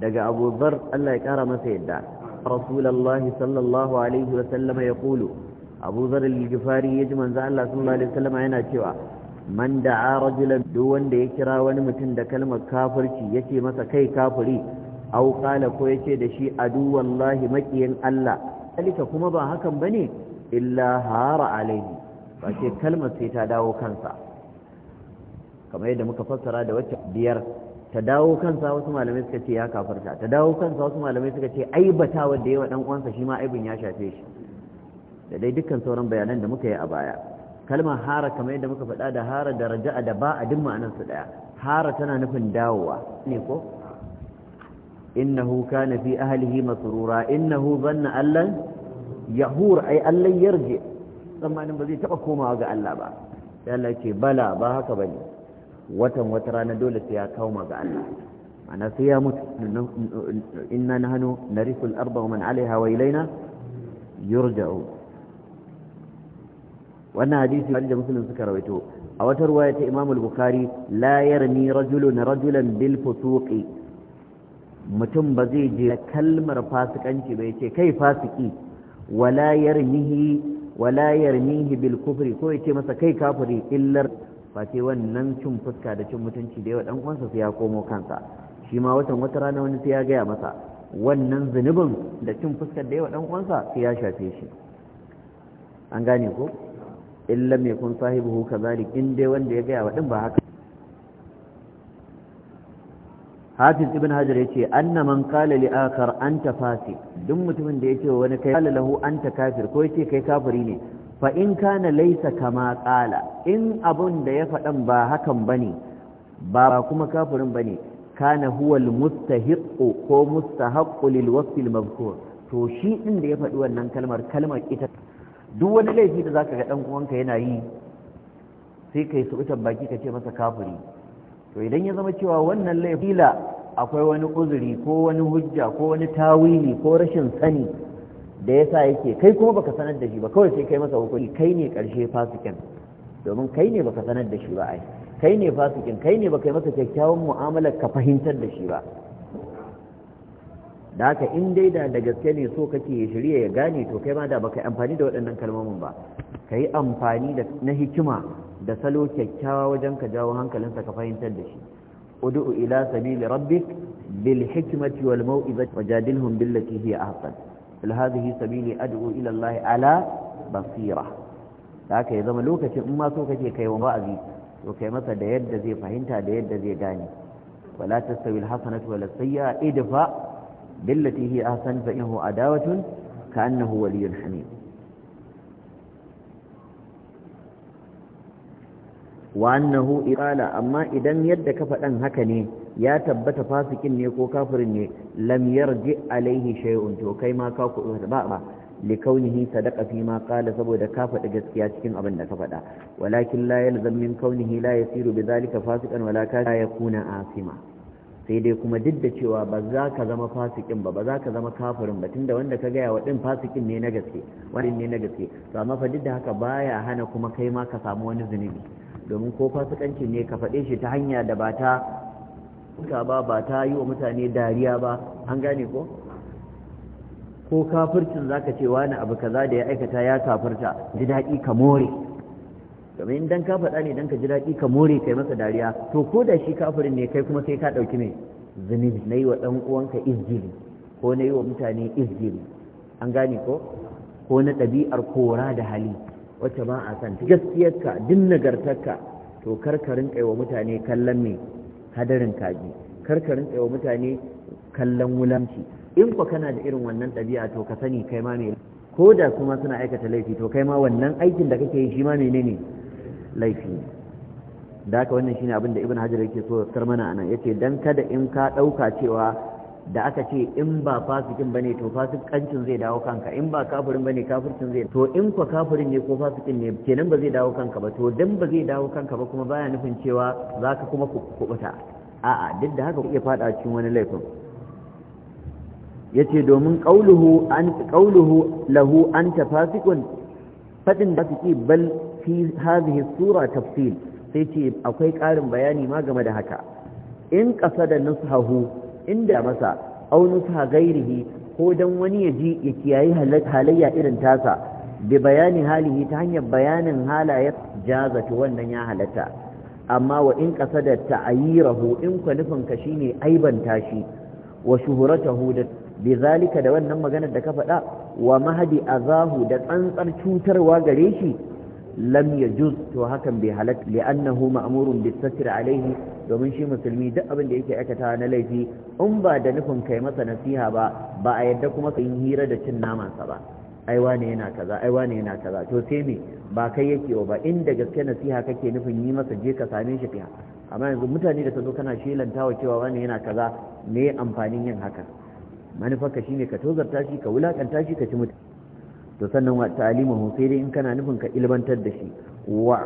Speaker 1: daga abu دقى Allah ya kara masa yadda رسول الله صلى الله عليه وسلم يقول أبو ذر الجفاري يجمن ذا الله صلى الله عليه وسلم عنا شوى من دعا رجلا دون دي كرا ونمتن دا كلمة كافر يشي مسا كي كافري أو قال كو يشي دشي أدو والله مكين ألا ذلك كما با هكم بني إلا هار عليه فشي كلمة سيتا داو كنسا كما يدى مكفصرة دا وچ ديار ta dawo kansa wasu malamai suka ce ya kafarta ta dawo kansa wasu malamai suka ce aibata wanda yawa dan uwansa shi ma aibin ya shafe shi da dai dukkan sauran bayanan da muka yi a baya kalmar hara kamar yadda muka faɗa da hara da raja'a da ba a dimma anan su daya hara tana nufin dawowa ne ko innahu kana fi ahlihi masrura innahu zanna allan yahur ay allan yarji tsammanin ba zai taba komawa ga Allah ba sai Allah ya ce bala ba haka bane watan wata rana dole sai ya kawo ga Allah ana sai ya mutu inna nahnu narithu al-ardha wa man 'alayha wa ilayna yurja'u wannan hadisi da muslim suka rawaito a wata ruwaya ta Imam al-Bukhari la yarmi rajulun rajulan bil fusuqi mutum ba zai je kalmar fasikanci ba yace kai fasiki wala yarmihi wala yarmihi bil kufri ko yace masa kai kafiri illar face wannan cin fuska da cin mutunci da yawa dan uwansa sai ya komo kansa shi ma watan wata rana wani sai ya gaya masa wannan zunubin da cin fuskar da yawa dan uwansa sai ya shafe shi an gane ko illa mai kun sahibu kazalik in dai wanda ya gaya wa ba haka hafiz ibn hajar yace anna man kala li an anta fasik duk mutumin da ya ce wani kai qala lahu ta kafir ko ce kai kafiri ne fa in kana laisa kama qala in abun da ya faɗan ba hakan bane ba kuma kafirin bane kana huwa almustahiq ko mustahaq lil wasf to shi din da ya faɗi wannan kalmar kalmar ita duk wani laifi da zaka ga dan uwanka yana yi sai kai su utar baki ka ce masa kafiri to idan ya zama cewa wannan laifi la akwai wani uzuri ko wani hujja ko wani tawili ko rashin sani da yasa yake kai kuma baka sanar da shi ba kawai sai kai masa hukuri kai ne karshe fasikin domin kai ne baka sanar da shi ba ai kai ne fasikin kai ne baka yi masa kyakkyawan mu'amalar ka fahimtar da shi ba da haka in dai da da gaske ne so kake ya shirya ya gane to kai ma da baka amfani da waɗannan kalmomin ba ka yi amfani da na hikima da salo kyakkyawa wajen ka jawo hankalinsa ka fahimtar da shi ud'u ila sabili rabbik bil hikmati wal mau'izati wajadilhum billati hiya ahsan qul hadhihi sabili ala basira haka ya zama lokacin in ma so kake kai wa ba'azi to kai masa da yadda zai fahimta da yadda zai gane wala tastawi alhasanatu wala sayyi'a idfa billati hi ahsan fa innahu adawatun ka'annahu waliyyun hamim wa annahu qala amma idan yadda ka faɗan haka ne ya tabbata fasikin ne ko kafirin ne lam yarji alaihi shay'un to kai ma ka da ba ba li kaunihi sadaqa fi ma qala saboda ka faɗi gaskiya cikin abin da ka faɗa walakin la yalzam min kaunihi la yasiru bidhalika fasikan wala ka kuna asima sai dai kuma duk da cewa ba za ka zama fasikin ba ba za ka zama kafirin ba tunda wanda ka gaya wa din fasikin ne na gaske wani ne na gaske to amma fa duk da haka baya hana kuma kai ma ka samu wani zunubi domin ko fasikanci ne ka faɗe shi ta hanya da ba ta suka ba ba ta yi wa mutane dariya ba an gane ko ko kafircin zaka ce wani abu kaza da ya aikata ya kafirta ji daɗi ka more kamar in dan ka faɗa ne dan ka ji daɗi ka more kai masa dariya to ko da shi kafirin ne kai kuma sai ka ɗauki ne zunubi na yi wa ɗan uwanka izgiri ko na yi wa mutane izgiri an gane ko ko na ɗabi'ar kora da hali wacce ba a san gaskiyarka duk nagartarka to karkarin kai wa mutane kallon me hadarin kaji karkarin wa mutane kallon wulanci in ku kana da irin wannan ɗabi'a to ka sani kai ma ko da kuma suna aikata laifi to kai ma wannan aikin da kake yi shi ma menene laifi da haka wannan shine abin da ibn hajar yake so ya mana anan yace dan kada in ka ɗauka cewa da aka ce in ba fasikin bane to fasikancin zai dawo kanka in ba kafirin bane kafircin zai to in ko kafirin ne ko fasikin ne kenan ba zai dawo kanka ba to dan ba zai dawo kanka ba kuma baya nufin cewa zaka kuma kubuta a'a duk da haka kuke fada cikin wani laifin yace domin qauluhu an qauluhu lahu anta fasikun fadin da kike bal fi hadhihi sura tafsil sai ce akwai karin bayani ma game da haka in qasada nusahu inda masa aunuka gairihi ko dan wani ya ji ya kiyayi halayya irin tasa bi bayani halihi ta hanyar bayanin halayen jazatu wannan ya halatta amma wa in da ta'ayirahu in ku nufin ka shine aibanta shi wa shuhuratahu da bizalika da wannan maganar da ka faɗa wa mahadi azahu da tsantsar cutarwa gare shi lam juz to hakan bai halatta li'annahu ma'murun bis-satr alayhi domin shi musulmi duk abin da yake aikata na laifi in ba da nufin kai masa nasiha ba ba a yadda kuma ka yi hira da cin naman sa ba ai wane yana kaza ai wane yana kaza to sai me ba kai yake ba inda gaske nasiha kake nufin yi masa je ka same shi fiya amma yanzu mutane da ka zo kana shelantawa cewa wane yana kaza me amfanin yin haka manufarka shine ka tozarta shi ka wulakanta shi ka ci mutane to sannan wa ta'limuhu sai dai in kana nufin ka ilmantar da shi wa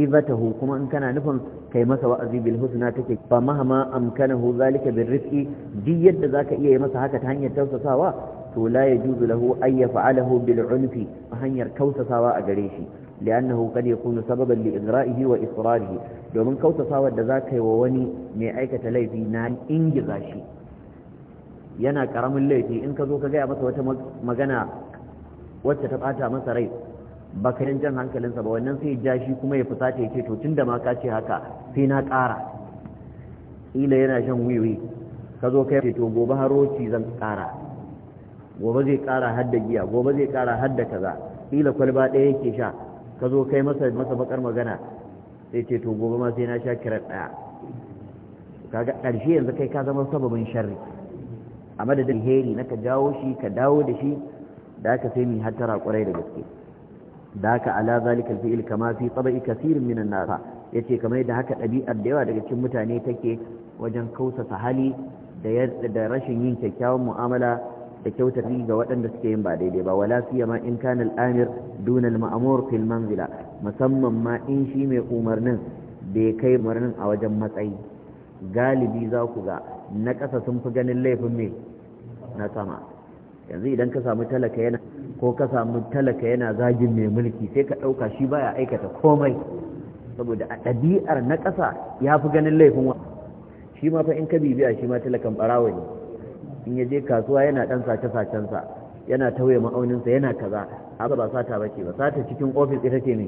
Speaker 1: izatahu kuma in kana nufin kai masa wa'azi bil husna take fa mahama amkanahu zalika bir rizqi di yadda zaka iya yi masa haka ta hanyar tausasawa to la yajuzu lahu ay yaf'alahu bil unfi hanyar kausasawa a gare shi li'annahu qad yakunu sababan li igra'ihi wa israrihi domin kausasawa da zaka yi wa wani mai aikata laifi na ingiza shi yana karamin laifi in ka zo ka gaya masa wata magana wacce ta bata masa rai bakarin jan hankalinsa ba wannan sai ja shi kuma ya fusata ya ce to tunda ma ka ce haka sai na ƙara ila yana shan wiwi ka zo kai to gobe haroci zan ƙara gobe zai ƙara da giya gobe zai ƙara da kaza ila kwalba ɗaya yake sha ka zo kai masa masa bakar magana sai ce to gobe ma sai na sha kiran ɗaya kaga ƙarshe yanzu kai ka zama sababin sharri a madadin heri na ka jawo shi ka dawo da shi da aka sai mu hattara ƙwarai da gaske da haka ala zalikal fi'il kama fi tabi'i kaseerin minan ya yace kamar yadda haka ɗabi'ar da yawa daga cikin mutane take wajen kausa hali da rashin yin kyakkyawan mu'amala da kyautar ga waɗanda suke yin ba daidai ba wala ma in kana amir duna al fil manzila musamman ma in shi mai umarnin bai kai umarnin a wajen matsayi galibi za ku ga na ƙasa sun fi ganin laifin mai na sama yanzu idan ka samu talaka yana ko ka samu talaka yana zagin mai mulki sai ka ɗauka shi baya aikata komai saboda a ɗabi'ar na ƙasa ya fi ganin laifin wa shi ma fa in ka bibiya shi ma talakan ɓarawa ne in ya je kasuwa yana ɗan sace-sacensa yana tauye ma'auninsa yana kaza haka ba sata ba ce ba sata cikin ofis ita ce ne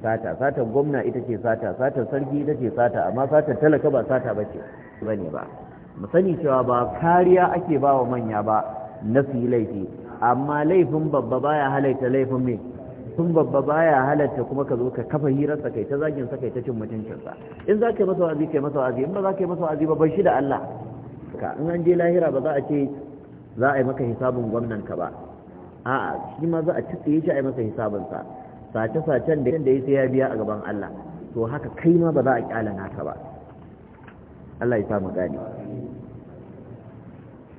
Speaker 1: sata sata gwamna ita ce sata sata sarki ita ce sata amma sata talaka ba sata ba ce ba ne ba mu sani cewa ba kariya ake ba wa manya ba na laifi amma laifin babba baya halarta laifin mai sun babba baya halarta kuma ka zo ka kafa hirarsa kai ta zagin sa kai ta cin mutuncinsa in za ka yi masa wa'azi kai masa wa'azi in ba za ka yi masa wa'azi ba bai shi da Allah ka in an je lahira ba za a ce za a yi maka hisabin gwamnan ka ba a'a shi ma za a ci shi a yi masa hisabin sa sace sacen da yanda yake ya biya a gaban Allah to haka kai ma ba za a kyalana ka ba Allah ya sa mu gani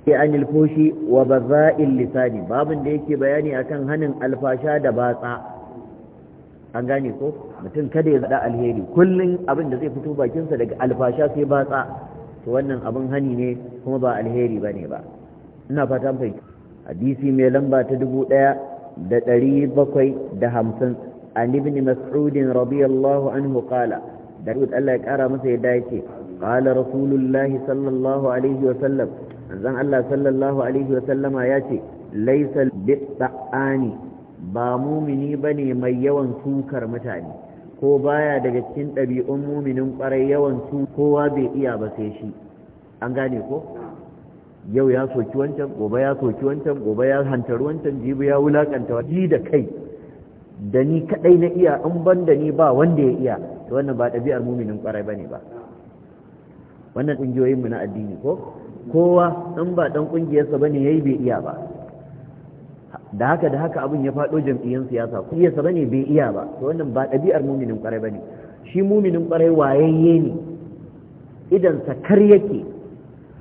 Speaker 1: wa ba in lisani babin da yake bayani akan hannun alfasha da batsa an gane ko mutum kada ya zada alheri kullum abin da zai fito bakinsa daga alfasha sai batsa to wannan abin hani ne kuma ba alheri bane ba ina fatan mai hadisi mai lamba ta dubu da da bakwai hamsin an ibn mas'udin radiyallahu anhu qala Dawud Allah ya kara masa yadda yake qala rasulullahi sallallahu alaihi wa zan Allah sallallahu alaihi wasallama ya ce Laisal bitta'ani ba mumini ne mai yawan tukar mutane ko baya daga cikin ɗabi'un muminin ƙwarai yawan su kowa bai iya ba sai shi an gane ko yau ya soki wancan gobe ya soki wancan gobe ya hantar wancan jibi ya wulakanta ji da kai da ni kadai na iya in ban da ni ba wanda ya iya to wannan ba ɗabi'ar muminin ƙwarai bane ba wannan ƙungiyoyinmu na addini ko kowa in ba dan kungiyarsa bane yayi bai iya ba da haka da haka abin ya fado jam'iyyar siyasa kungiyarsa bane bai iya ba to wannan ba ɗabi'ar muminin kwarai bane shi muminin kwarai wayayye ne idan sa kar yake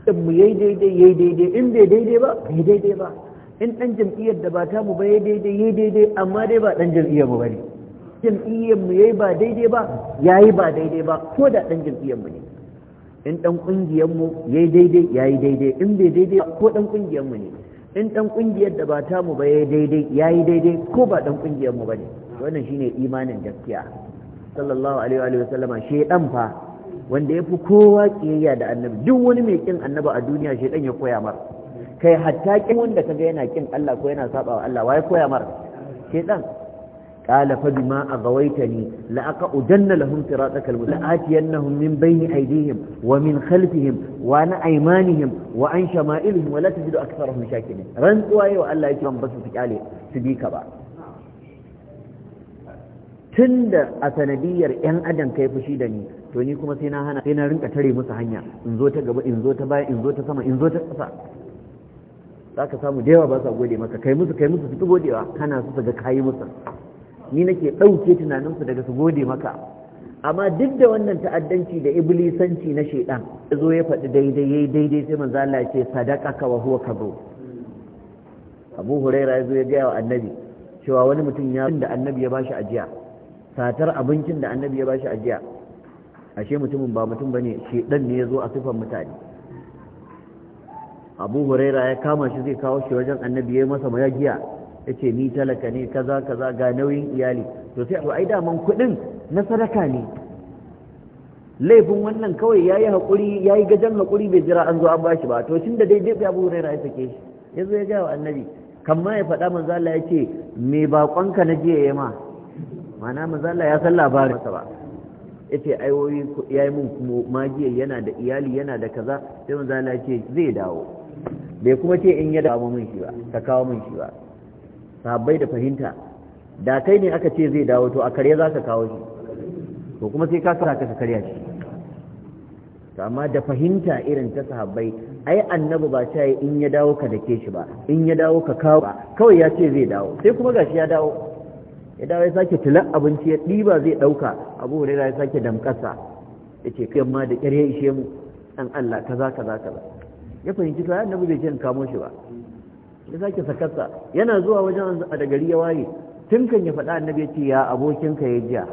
Speaker 1: in mu yayi daidai yayi daidai in bai daidai ba bai daidai ba in dan jam'iyyar da ba ta mu ba yayi daidai yayi daidai amma dai ba dan jam'iyyar mu bane jam'iyyar mu yayi ba daidai ba yayi ba daidai ba ko da dan jam'iyyar mu ne in ɗan ƙungiyar mu yi daidai yayi daidai in bai daidai ko ɗan ƙungiyar mu ne in ɗan ƙungiyar da ba ta mu ba yayi daidai yayi daidai ko ba ɗan ƙungiyar mu ne wannan shine imanin gaskiya sallallahu alaihi wa sallama ɗan fa wanda ya fi kowa ƙiyayya da annabi duk wani mai ƙin annabi a duniya ɗan ya koya mar kai hatta ƙin wanda ka ga yana ƙin Allah ko yana saɓa wa Allah ya koya mar ɗan قال فبما أغويتني لأقعدن لهم صراطك لآتينهم من بين أيديهم ومن خلفهم وعن أيمانهم وعن شمائلهم ولا تجد أكثرهم شاكرين رنسوا أيوة ألا يكرم بس تكالي سبيك بعد tun da a sanadiyar 'yan adam kai fushi da ni to ni kuma sai na hana sai na rinka tare musu hanya in zo ta gaba in zo ta baya in zo ta sama in zo ta ƙasa za ka samu da yawa ba sa gode maka kai musu kai musu su godewa kana su ga kayi musu ni nake ɗauke tunaninsu daga su gode maka amma duk da wannan ta'addanci da iblisanci na shaidan zo ya faɗi daidai yayi daidai sai manzo Allah ya ce ka wa huwa kabo Abu Hurairah ya zo ya gaya wa Annabi cewa wani mutum ya da Annabi ya bashi ajiya satar abincin da Annabi ya bashi ajiya ashe mutumin ba mutum bane shaidan ne ya zo a sifan mutane Abu Hurairah ya kama shi zai kawo shi wajen Annabi ya masa mayagiya yace ni talaka ne kaza kaza ga nauyin iyali to sai ai daman kuɗin na sadaka ne laifin wannan kawai yayi hakuri yayi gajan hakuri bai jira an zo an bashi ba to da dai dai Abu Hurairah ya sake shi yazo ya ga wa annabi kamma ya faɗa manzo Allah yace me bakonka na jiya yayi ma mana manzo Allah ya san labarin masa ba yace aiwoyi yayi mun kuma magiya yana da iyali yana da kaza sai manzo Allah yace zai dawo bai kuma ce in ya dawo mun shi ba ka kawo mun shi ba sahabbai da fahimta da kai ne aka ce zai dawo to a karya za ka kawo shi to kuma sai ka kara ka karya shi to amma da fahimta irin ta sahabbai ai annabi ba ta yi in ya dawo ka dake shi ba in ya dawo ka kawo ba kawai ya ce zai dawo sai kuma gashi ya dawo ya dawo ya sake tilan abinci ya ɗiba zai ɗauka abu hurera ya sake damƙasa ya ce kai ma da ƙyar ya ishe mu ɗan Allah kaza kaza kaza ya fahimci to annabi bai ce in kamo shi ba ya sake sakarsa yana zuwa wajen a da gari ya waye tun kan ya faɗa annabi ce ya abokinka ya jiya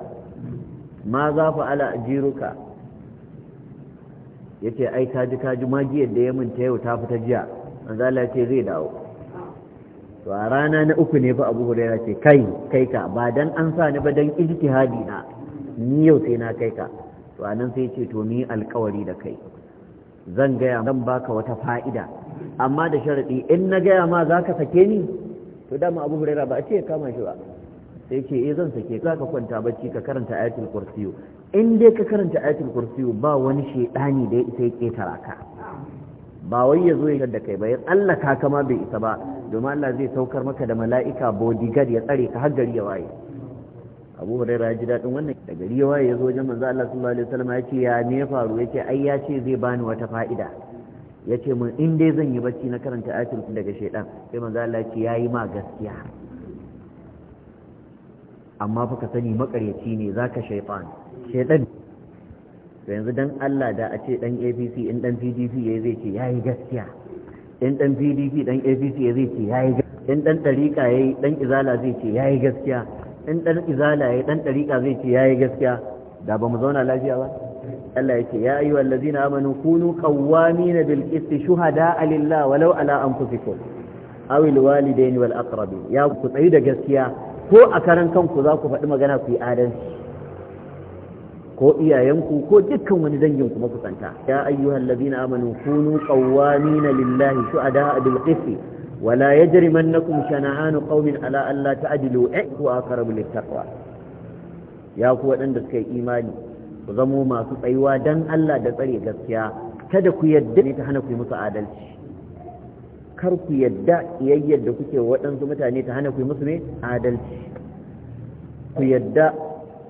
Speaker 1: ma za fa ala ka. ya ce ai ka kaji magiyar da ya minta yau ta fita jiya an zala ce zai dawo to a rana na uku ne fa abu huraira ce kai kai ka ba dan an sa ni ba dan ijtihadi na ni yau sai na kai ka to anan sai ce to ni alkawari da kai zan gaya zan baka wata fa'ida amma da sharadi in na gaya ma za ka sake ni to dama abu ba a ce ya kama shi ba sai ce eh zan sake ka ka kwanta bacci ka karanta ayatul kursiyu in dai ka karanta ayatul kursiyu ba wani ni da ya isa ya ketara ka ba wai ya zo ya da kai ba ya tsallaka kama bai isa ba domin Allah zai saukar maka da mala'ika bodyguard ya tsare ka har gari ya waye abu ya ji daɗin wannan da gari ya waye ya zo wajen manzo Allah sallallahu alaihi wasallam ya ce ya ne faru ya ce ai ya ce zai bani wata fa'ida ya ce mun in dai zan yi bacci na karanta ayatul daga shaidan sai manzo Allah ya ce yayi ma gaskiya amma fa ka sani makaryaci ne zaka shaytan shaydan to yanzu dan Allah da a ce dan APC in dan PDP yayi zai ce yayi gaskiya in dan PDP dan APC yayi zai ce yayi gaskiya in dan tariqa yayi dan izala zai ce yayi gaskiya in dan izala yayi dan tariqa zai ce yayi gaskiya da ba mu zauna lafiya ba Allah yake ya ayyuha allazina amanu kunu qawwamina bil qist shuhada'a lillah walau ala kufi ko. al walidain wal aqrabin ya ku tsayi da gaskiya ko a karan kanku za ku faɗi magana ku yi adalci ko iyayenku ko dukkan wani dangin ku makusanta ya ayyuhal ladina amanu kunu na lillahi shuhada'a bil qist ولا يجرمنكم شنعان قوم على ألا تعدلوا اعفوا أقرب للتقوى يا suka yi imani. ku zamo masu tsayuwa dan Allah da tsare gaskiya kada ku yadda ne ta hana ku musu adalci kar ku yadda yayyar da kuke waɗansu mutane ta hana ku musu ne adalci ku yadda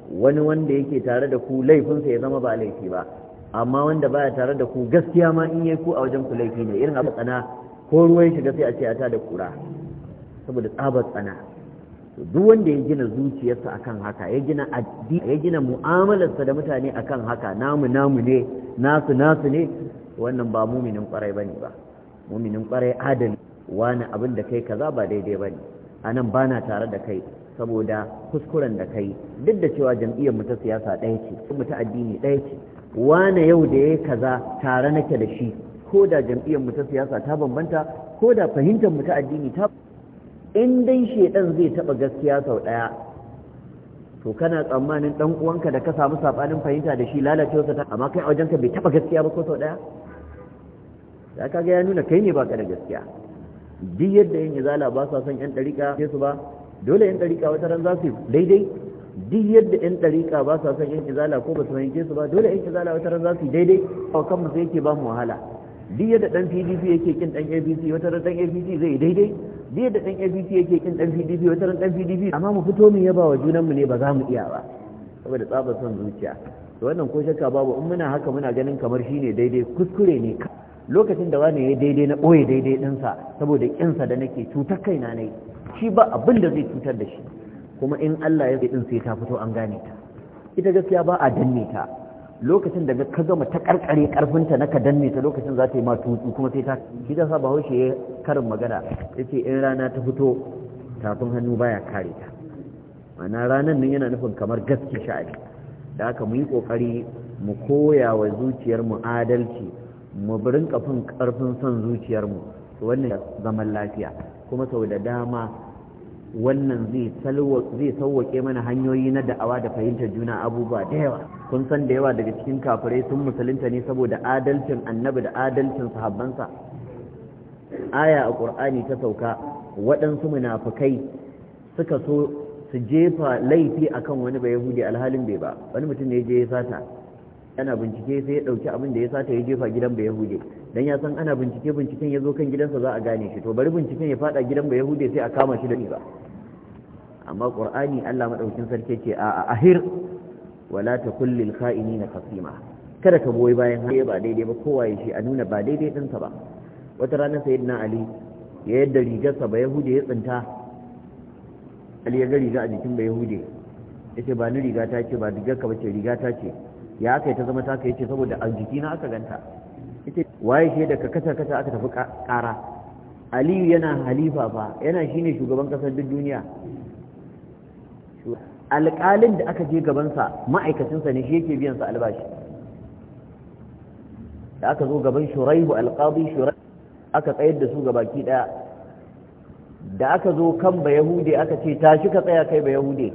Speaker 1: wani wanda yake tare da ku laifinsa ya zama ba laifi ba amma wanda baya tare da ku gaskiya ma in yayi ku a wajen ku laifi ne irin abu tsana ko ruwan shiga sai a ce a ta da kura saboda tsabar tsana to duk wanda ya gina zuciyarsa akan haka ya gina addini ya gina mu'amalarsa da mutane akan haka namu namu ne nasu nasu ne wannan ba muminin kwarai bane ba muminin kwarai adali wani abin da kai kaza ba daidai bane anan bana tare da kai saboda kuskuren da kai duk da cewa jam'iyyar mu ta siyasa ɗaya ce mu ta addini ɗaya ce wani yau da yayi kaza tare nake da shi ko da jam'iyyar mu ta siyasa ta bambanta ko da fahimtar mu ta addini ta in dai shedan zai taba gaskiya sau daya to kana tsammanin dan uwanka da ka samu sabanin fahimta da shi lalacewa ta amma kai a wajenka bai taba gaskiya ba ko sau daya da ka ga ya nuna kai ne baka da gaskiya duk yadda yin izala ba sa son yan dariƙa ke su ba dole yan dariƙa wata ran za su daidai duk yadda yan dariƙa ba sa son yan izala ko ba su yanke su ba dole yan izala wata ran za su daidai a kan mu sai yake ba mu wahala duk yadda dan PDP yake kin dan ABC wata ran dan ABC zai daidai bi da ɗan abc yake kin dan PDP wata ran dan PDP amma mu fito mu yaba wa junan mu ne ba za mu iya ba saboda tsabar son zuciya to wannan ko shakka babu in muna haka muna ganin kamar shine daidai kuskure ne lokacin da wani ya daidai na ɓoye daidai ɗinsa saboda ƙinsa da nake cutar kaina nai, shi ba abin da zai cutar da shi kuma in Allah ya ɗin sai ta fito an gane ta ita gaskiya ba a danne ta lokacin da ka gama ta karkare karfinta na ka danne ta lokacin za ta yi ma tutsu kuma sai ta shi da sa bahaushe ya karin magana ya ce in rana ta fito tafin hannu baya kare ta mana ranar nan yana nufin kamar gaske sha'ani da aka mu yi kokari mu koya wa zuciyarmu adalci mu birin kafin karfin son zuciyarmu wannan zaman lafiya kuma sau da dama wannan zai sauwake mana hanyoyi na da'awa da fahimtar juna abubuwa da yawa kun san da yawa daga cikin kafirai sun musulunta ne saboda adalcin annabi da adalcin sahabbansa aya a ƙur'ani ta sauka waɗansu munafukai suka so su jefa laifi akan wani ba yahudi alhalin bai ba wani mutum ne ya je ya sata yana bincike sai ya dauki abin da ya sata ya jefa gidan ba yahude dan ya san ana bincike binciken ya zo kan gidansa za a gane shi to bari binciken ya fada gidan ba yahude sai a kama shi da ba amma qur'ani Allah madaukin sarki ce a ahir wala ta kullil kha'inina khasima kada ka boye bayan haye ba daidai ba kowa ya shi a nuna ba daidai ɗinsa ba wata rana sayyidina ali ya yadda rigarsa ba yahude ya tsinta ali ya ga riga a jikin ba yahude yace ba ni riga ta ce ba rigar ka ba ce riga ta ce ya aka yi ta zama taka yace saboda a jikina aka ganta yace waye shi da ka kasa kasa aka tafi kara? aliyu yana halifa fa yana shine shugaban kasar duk duniya alƙalin da aka je gabansa ma'aikacinsa ne shi yake biyan sa albashi da aka zo gaban shuraihu alqadi shuraihu aka tsayar da su gabaki ɗaya da aka zo kan ba yahude aka ce tashi ka tsaya kai ba yahude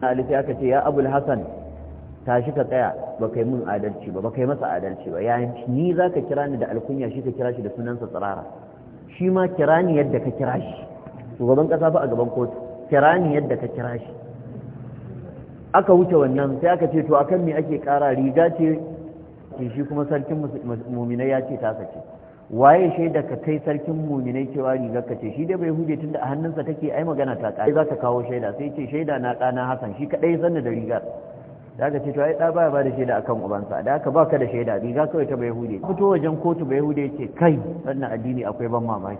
Speaker 1: alifi aka ce ya abul hasan tashi ka tsaya ba kai mun adalci ba ba kai masa adalci ba yayin ni za ka kira ni da alkunya shi ka kira shi da sunansa tsirara shi ma kira ni yadda ka kira shi shugaban ƙasa fa a gaban kotu kira ni yadda ka kira shi aka wuce wannan sai aka ce to akan me ake ƙara riga ce shi kuma sarkin muminai ya ce ta ce waye shaida ka kai sarkin muminai cewa ka ce shi dai bai hude tunda a hannunsa take ai magana ta kai za ka kawo shaida sai ce shaida na ɗana hasan shi kaɗai zanna da rigar da aka ce to ai da ba ba da shaida akan ubansa da aka baka da shaida riga kawai ta bayahude fito wajen kotu hude yace kai wannan addini akwai ban mamaki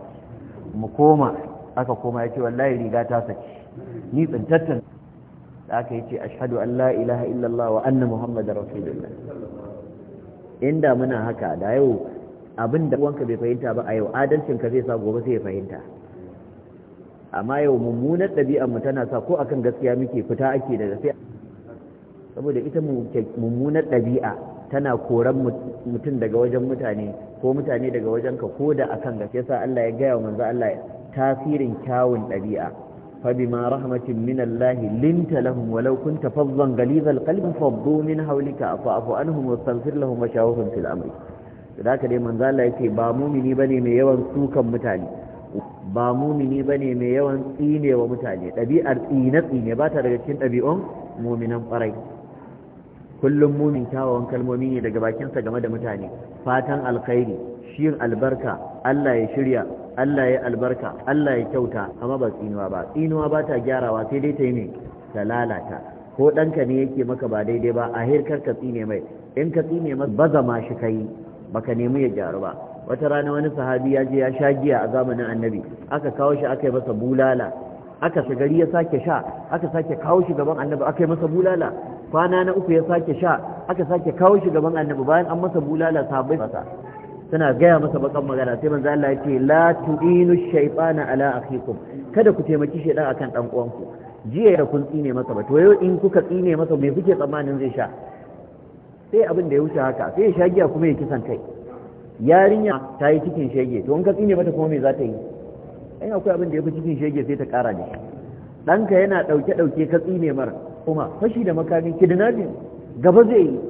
Speaker 1: mu koma aka koma yace wallahi riga ta saki ni tsintattan da aka yace ashhadu an la ilaha illallah wa anna muhammadar rasulullah inda muna haka da yau abinda wanka bai fahimta ba a yau adalcin ka zai sa gobe sai ya fahimta amma yau mummunar ɗabi'ar mu tana sa ko akan gaskiya muke fita ake da gaskiya saboda ita mummunar ɗabi'a tana koran mutum daga wajen mutane ko mutane daga wajen ka ko da akan gaske sa Allah ya gaya wa manzo Allah tasirin kyawun ɗabi'a فبما رحمة من الله لنت لهم ولو كنت فظا غليظ القلب فضوا من حولك فاعف عنهم واستغفر لهم وشاورهم في الامر ذاك dai manzo Allah yake ba mumini mai yawan sukan mutane ba mumini bane mai yawan tsinewa mutane ɗabi'ar tsine tsine ba ta daga cikin ɗabi'un muminan ƙwarai kullum mumin kyawawan kalmomi ne daga bakinsa game da mutane fatan alkhairi shin albarka Allah ya shirya Allah ya albarka Allah ya kyauta amma ba tsinuwa ba tsinuwa ba ta gyarawa sai dai ta yi ne ta lalata ko ɗanka ne yake maka ba daidai ba a hirkar ka tsine mai in ka tsine mai, ba zama shi kai baka nemi ya gyaru ba wata rana wani sahabi ya je ya sha giya a zamanin annabi aka kawo shi aka yi masa bulala aka shagari ya sake sha aka sake kawo shi gaban annabi aka yi masa bulala kwana na uku ya sake sha aka sake kawo shi gaban annabi bayan an masa bulala sabai masa suna gaya masa bakan magana sai manzo Allah ya ce la tu'inu shaytana ala akhikum kada ku taimaki shaydan akan dan uwanku jiya da kun tsine masa ba to yau in kuka tsine masa me kuke tsammanin zai sha sai abin da ya wuce haka sai ya sha giya kuma ya kisan kai yarinya ta yi cikin shege to in ka tsine mata kuma me za ta yi ai akwai abin da ya fi cikin shege sai ta kara da shi ɗanka yana ɗauke-ɗauke ka tsine mara kuma fashi da makami ne, gaba zai yi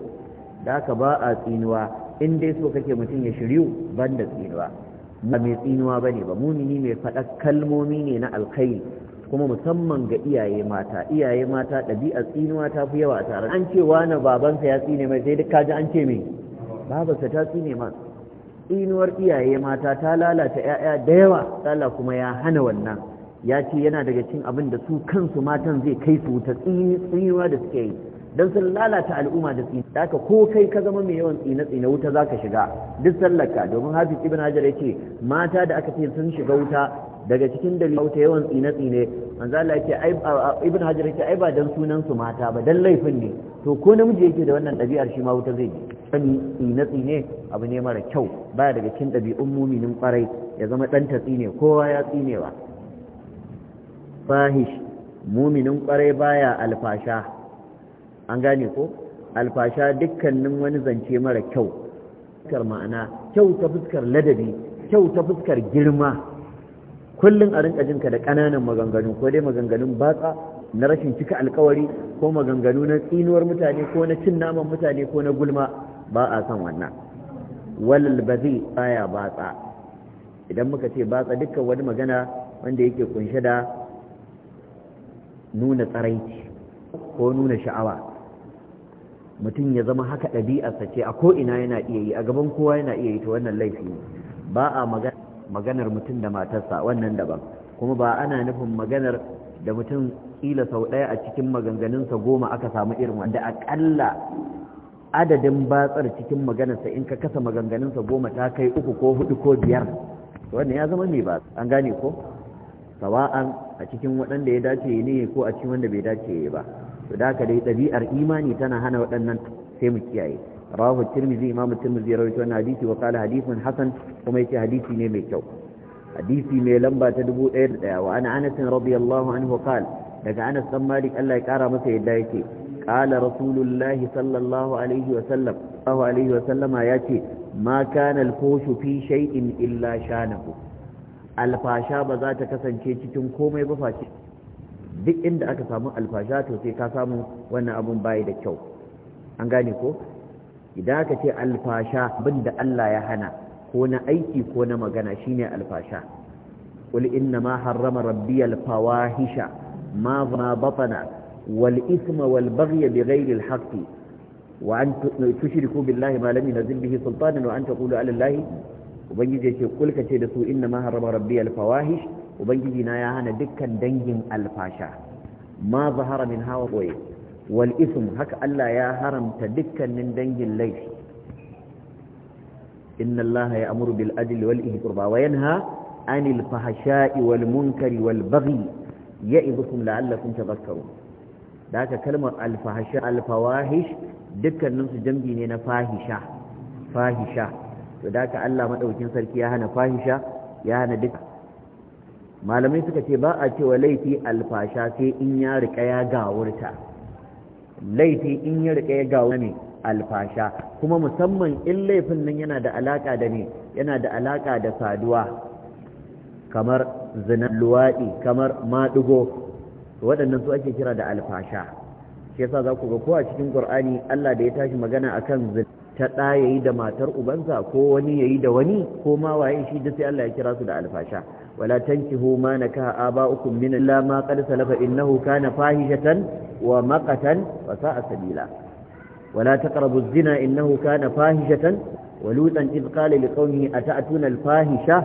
Speaker 1: da aka ba a tsinuwa in dai so kake mutum ya shiryu ban da tsinuwa ba mai tsinuwa ba ne ba mumini mai faɗa kalmomi ne na alkhairi kuma musamman ga iyaye mata iyaye mata ɗabi'a tsinuwa ta fi yawa a tare an ce wani babansa ya tsine mai sai duk kaji an ce mai babansa ta tsine ma tsinuwar iyaye mata ta lalata 'ya'ya da yawa tsala kuma ya hana wannan ya ce yana daga cin abin da su kansu matan zai kai su ta tsinuwa da suke yi don sun lalata al'umma da tsini da aka ko kai ka zama mai yawan tsine tsine wuta za ka shiga duk sallaka domin hafiz ibn hajar ya ce mata da aka ce sun shiga wuta daga cikin dalilin wuta yawan tsine tsine manzo Allah yake ibn hajar yake ai ba dan sunansu mata ba dan laifin ne to ko namiji yake da wannan ɗabi'ar shi ma wuta zai je sani tsine tsine abu ne mara kyau baya daga cikin ɗabi'un muminin kwarai ya zama ɗan ta tsine kowa ya tsinewa fahish muminin kwarai baya alfasha an gane ko alfasha dukkanin wani zance mara kyau fuskar ma'ana kyau ta fuskar ladabi kyau ta fuskar girma kullum a rinka jinka da ƙananan maganganu ko dai maganganun batsa na rashin cika alkawari ko maganganu na tsinuwar mutane ko na cin naman mutane ko na gulma ba a san wannan walal bazi baya batsa idan muka ce batsa dukkan wani magana wanda yake kunshe da nuna tsaraici ko nuna sha'awa mutum ya zama haka ɗabi'arsa ce a ko'ina yana iya yi a gaban kowa yana iya yi ta wannan laifi ba a maganar mutum da matarsa wannan daban kuma ba ana nufin maganar da mutum ƙila sau ɗaya a cikin maganganunsa goma aka samu irin wanda aƙalla adadin batsar cikin maganarsa in ka kasa maganganunsa goma ta kai uku ko hudu ko biyar wannan ya zama mai ba an gane ko sawa'an a cikin waɗanda ya dace ne ko a cikin wanda bai dace ba to da ka dai ɗabi'ar imani tana hana waɗannan sai mu kiyaye rawahu tirmidhi imam tirmidhi ya rawaito wannan hadisi wa qala hadithun hasan kuma yace hadisi ne mai kyau hadisi mai lamba ta dubu ɗaya 1001 wa ana anas radiyallahu anhu qala daga anas dan malik Allah ya kara masa yadda yake qala rasulullahi sallallahu alaihi wa sallam sallallahu alaihi wa sallama yace ma kana al-fushu fi shay'in illa shanahu alfasha ba za ta kasance cikin komai ba face duk inda aka samu alfasha to sai ka samu wannan abun bayi da kyau an gane ko idan aka ce alfasha bin da Allah ya hana ko na aiki ko na magana shine alfasha qul inna ma harrama rabbi alfawahisha ma ma batana wal ithma wal baghy bighayri alhaqqi wa an tushriku billahi ma lam yunzil bihi sultanan wa an taqulu ala allahi ubangiji yake kulka ce da su inna ma harama rabbi alfawahish ubangiji na ya hana dukkan dangin alfasha ma zahara min hawa boye wal ism haka Allah ya haramta dukkanin dangin laifi inna Allah ya amuru bil adli wal ihqurba wa yanha anil fahsha'i wal munkari wal baghi ya'idukum la'allakum tadhakkarun da haka kalmar al alfawahish al fawahish dukkanin su jambi ne na fahisha fahisha to da ka Allah madaukin sarki ya hana fahisha ya hana duka malamai suka ce ba a cewa laifi alfasha sai in ya rika ya gawurta laifi in ya rika ya gawurta ne alfasha kuma musamman in laifin nan yana da alaka da ne yana da alaka da saduwa kamar zina luwaɗi kamar maɗigo waɗannan su ake kira da alfasha shi yasa za ku ga ko cikin qur'ani Allah da ya tashi magana akan zina ta ɗa ya yi da matar ubansa ko wani ya yi da wani ko ma waye shi da sai Allah ya kira su da alfasha wala tankihu ma nakaha aba'ukum min illa ma qad salafa innahu kana fahishatan wa maqatan wa sa'a sabila wala taqrabu az-zina innahu kana fahishatan wa lutan id qala liqaumihi ata'tuna al-fahisha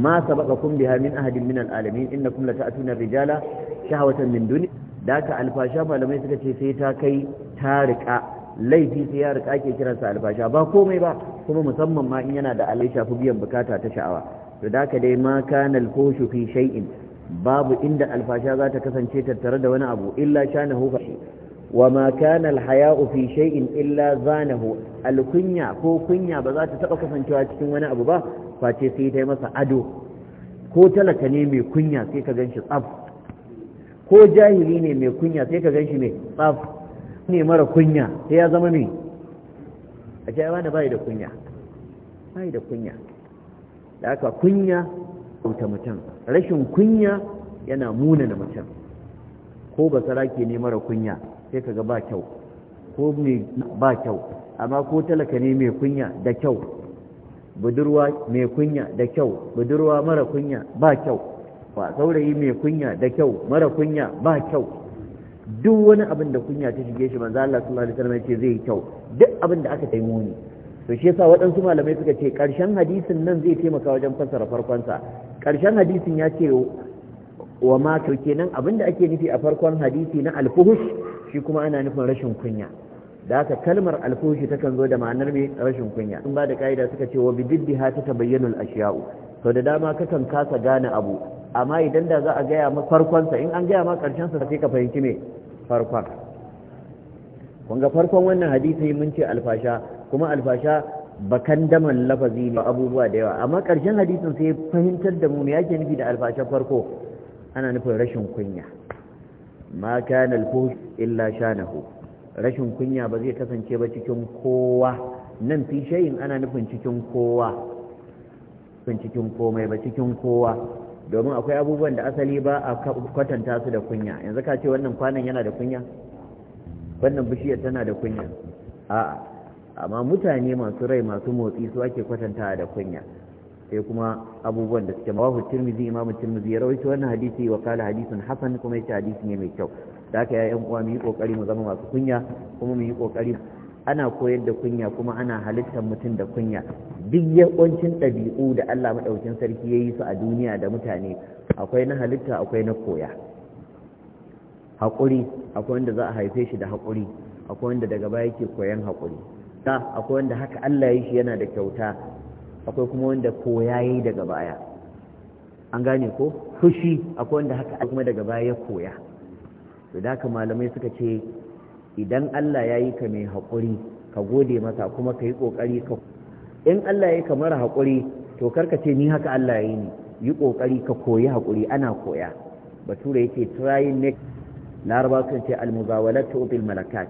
Speaker 1: ma sabaqakum biha min ahadin min al-alamin innakum lata'tuna rijala shahwatan min duni daka alfasha malamai suka ce sai ta kai ta riƙa laifi sai ya rika ake kiransa albasha ba komai ba kuma musamman ma in yana da alai shafi biyan bukata ta sha'awa to da ka dai ma kana alfushu fi shay'in babu inda alfasha za ta kasance tattare da wani abu illa shanahu shi wa ma kana alhaya'u fi shay'in illa zanahu alkunya ko kunya ba za ta taba kasancewa cikin wani abu ba face sai ta yi masa ado ko talaka ne mai kunya sai ka ganshi tsaf ko jahili ne mai kunya sai ka ganshi mai tsaf ne mara kunya sai ya zama ne a ce da bai da kunya bai da kunya da aka kunya wuta mutum rashin kunya yana muna da mutum ko ba sarake ne mara kunya sai kaga ba kyau ko mai ba kyau amma ko talaka ne mai kunya da kyau budurwa mai kunya da kyau budurwa mara kunya ba kyau ba saurayi mai kunya da kyau mara kunya ba kyau duk wani abin da kunya ta shige shi manzo Allah sallallahu alaihi wasallam ya ce zai yi kyau duk abin da aka tai muni to shi yasa waɗansu malamai suka ce ƙarshen hadisin nan zai taimaka wajen fassara farkon sa ƙarshen hadisin ya ce wa ma to kenan abin da ake nufi a farkon hadisi na alfuhush shi kuma ana nufin rashin kunya da haka kalmar alfuhushi takan zo da ma'anar mai rashin kunya in ba da ka'ida suka ce wa bididdiha ta tabayyanul ashiya'u Sau da dama kakan kasa gane abu amma idan da za a gaya ma farkonsa in an gaya ma ƙarshensa sai ka fahimci me farkon kun ga farkon wannan hadisi mun ce alfasha kuma alfasha bakan daman lafazi ne abubuwa da yawa amma ƙarshen hadisin sai fahimtar da mu me yake nufi da alfasha farko ana nufin rashin kunya ma kana alfush illa shanahu rashin kunya ba zai kasance ba cikin kowa nan fi shayin ana nufin cikin kowa cikin komai ba cikin kowa domin akwai abubuwan da asali ba a kwatanta su da kunya yanzu ka ce wannan kwanan yana da kunya wannan bishiyar tana da kunya a'a amma mutane masu rai masu motsi su ake kwatanta da kunya sai kuma abubuwan da suke mawahu tirmizi imamu tirmizi ya rawaito wannan hadisi wa kala hadisin hasan kuma ya ce hadisi ne mai kyau da haka ya yan uwa mu yi kokari mu zama masu kunya kuma mu yi kokari ana koyar da kunya kuma ana halittar mutum da kunya duk yawancin ɗabi'u da Allah maɗaukin sarki ya yi su a duniya da mutane akwai na halitta akwai na koya haƙuri akwai wanda za a haife shi da haƙuri akwai wanda daga baya yake koyan haƙuri ta akwai wanda haka Allah ya shi yana da kyauta akwai kuma wanda koya ya yi daga baya an gane ko fushi akwai wanda haka kuma daga baya ya koya to da haka malamai suka ce idan Allah ya yi ka mai haƙuri ka gode masa kuma ka yi ƙoƙari ka in Allah ya yi ka mara haƙuri to karka ce ni haka Allah ya yi ni yi ƙoƙari ka koyi haƙuri ana koya bature yake trying next laraba sun ce almuzawalat tu'til malakat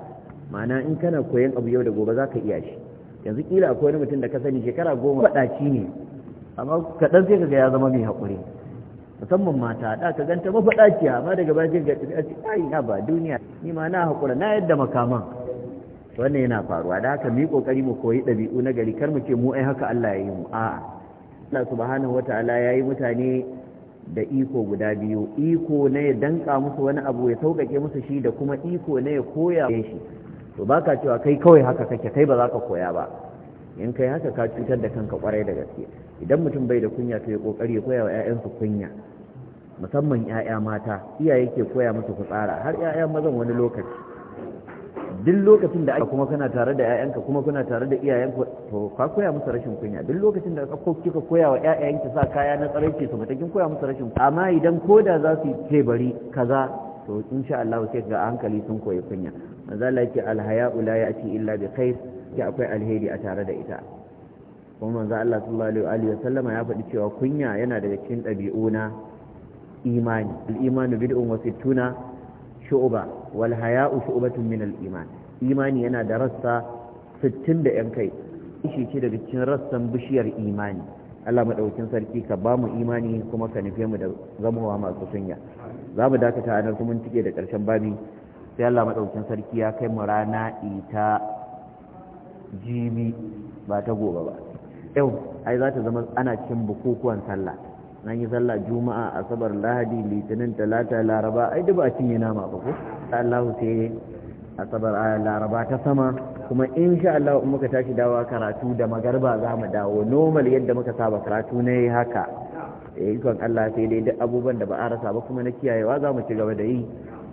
Speaker 1: ma'ana in kana koyon abu yau da gobe za ka iya shi yanzu kila akwai wani mutum da ka sani shekara goma faɗaci ne amma kaɗan sai ka ga ya zama mai haƙuri musamman mata da ka ganta mafaɗaciya amma daga bajin ga tafiya ai na ba duniya ni ma na haƙura na yadda makaman wannan yana faruwa da haka mu yi ƙoƙari mu koyi ɗabi'u na gari kar mu ce mu ai haka Allah ya yi mu a'a Allah subhanahu ta'ala ya yi mutane da iko guda biyu iko na ya danka musu wani abu ya sauƙaƙe musu shi da kuma iko na ya koya shi to baka cewa kai kawai haka kake kai ba za ka koya ba in kai haka ka cutar da kanka kwarai da gaske idan mutum bai da kunya to ya kokari ya koya wa ƴaƴansu kunya musamman ƴaƴa mata iyaye ke koya musu tsara har ƴaƴa mazan wani lokaci duk lokacin da kuma kana tare da ƴaƴanka kuma kuna tare da iyayenku to ka koya musu rashin kunya duk lokacin da kika koya wa ƴaƴanki sa kaya na tsaraice su matakin koya musu rashin kunya amma idan koda za su ce bari kaza to insha Allah sai ga hankali sun koyi kunya manzo Allah yake ula ya ya'ti illa bi khair ki akwai alheri a tare da ita kuma manzo Allah sallallahu alaihi wa sallama ya faɗi cewa kunya yana daga cikin ɗabi'u na imani al-imanu bid'un wa sittuna shu'ba wal haya'u shu'batun min al-iman imani yana da rassa 60 da yan kai shi ce daga cikin rassan bishiyar imani Allah madaukakin sarki ka ba mu imani kuma ka nufe mu da zamowa masu sunya za mu dakata a nan kuma tike da ƙarshen babi sai Allah madaukakin sarki ya kai mu rana ita jibi ba ta gobe ba yau ai za ta zama ana cikin bukukuwan sallah nan yi sallah juma'a asabar lahadi litinin talata laraba ai duk ba a cinye nama ba ko Allah sai asabar laraba ta sama kuma insha Allah in muka tashi dawa karatu da magarba za mu dawo normal yadda muka saba karatu ne haka eh ikon Allah sai dai duk abubuwan da ba a rasa ba kuma na kiyayewa za mu ci gaba da yi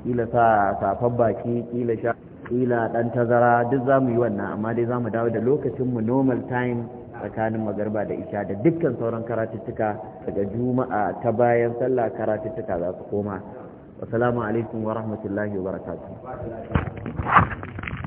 Speaker 1: kila sa safan baki kila sha kila dan tazara duk za mu yi wannan amma dai za mu dawo da lokacin mu normal time tsakanin magarba da isha da dukkan sauran karatuttuka daga juma'a ta bayan sallah karatuttuka za su koma wasu alaikum wa rahmatullahi wa barakatu.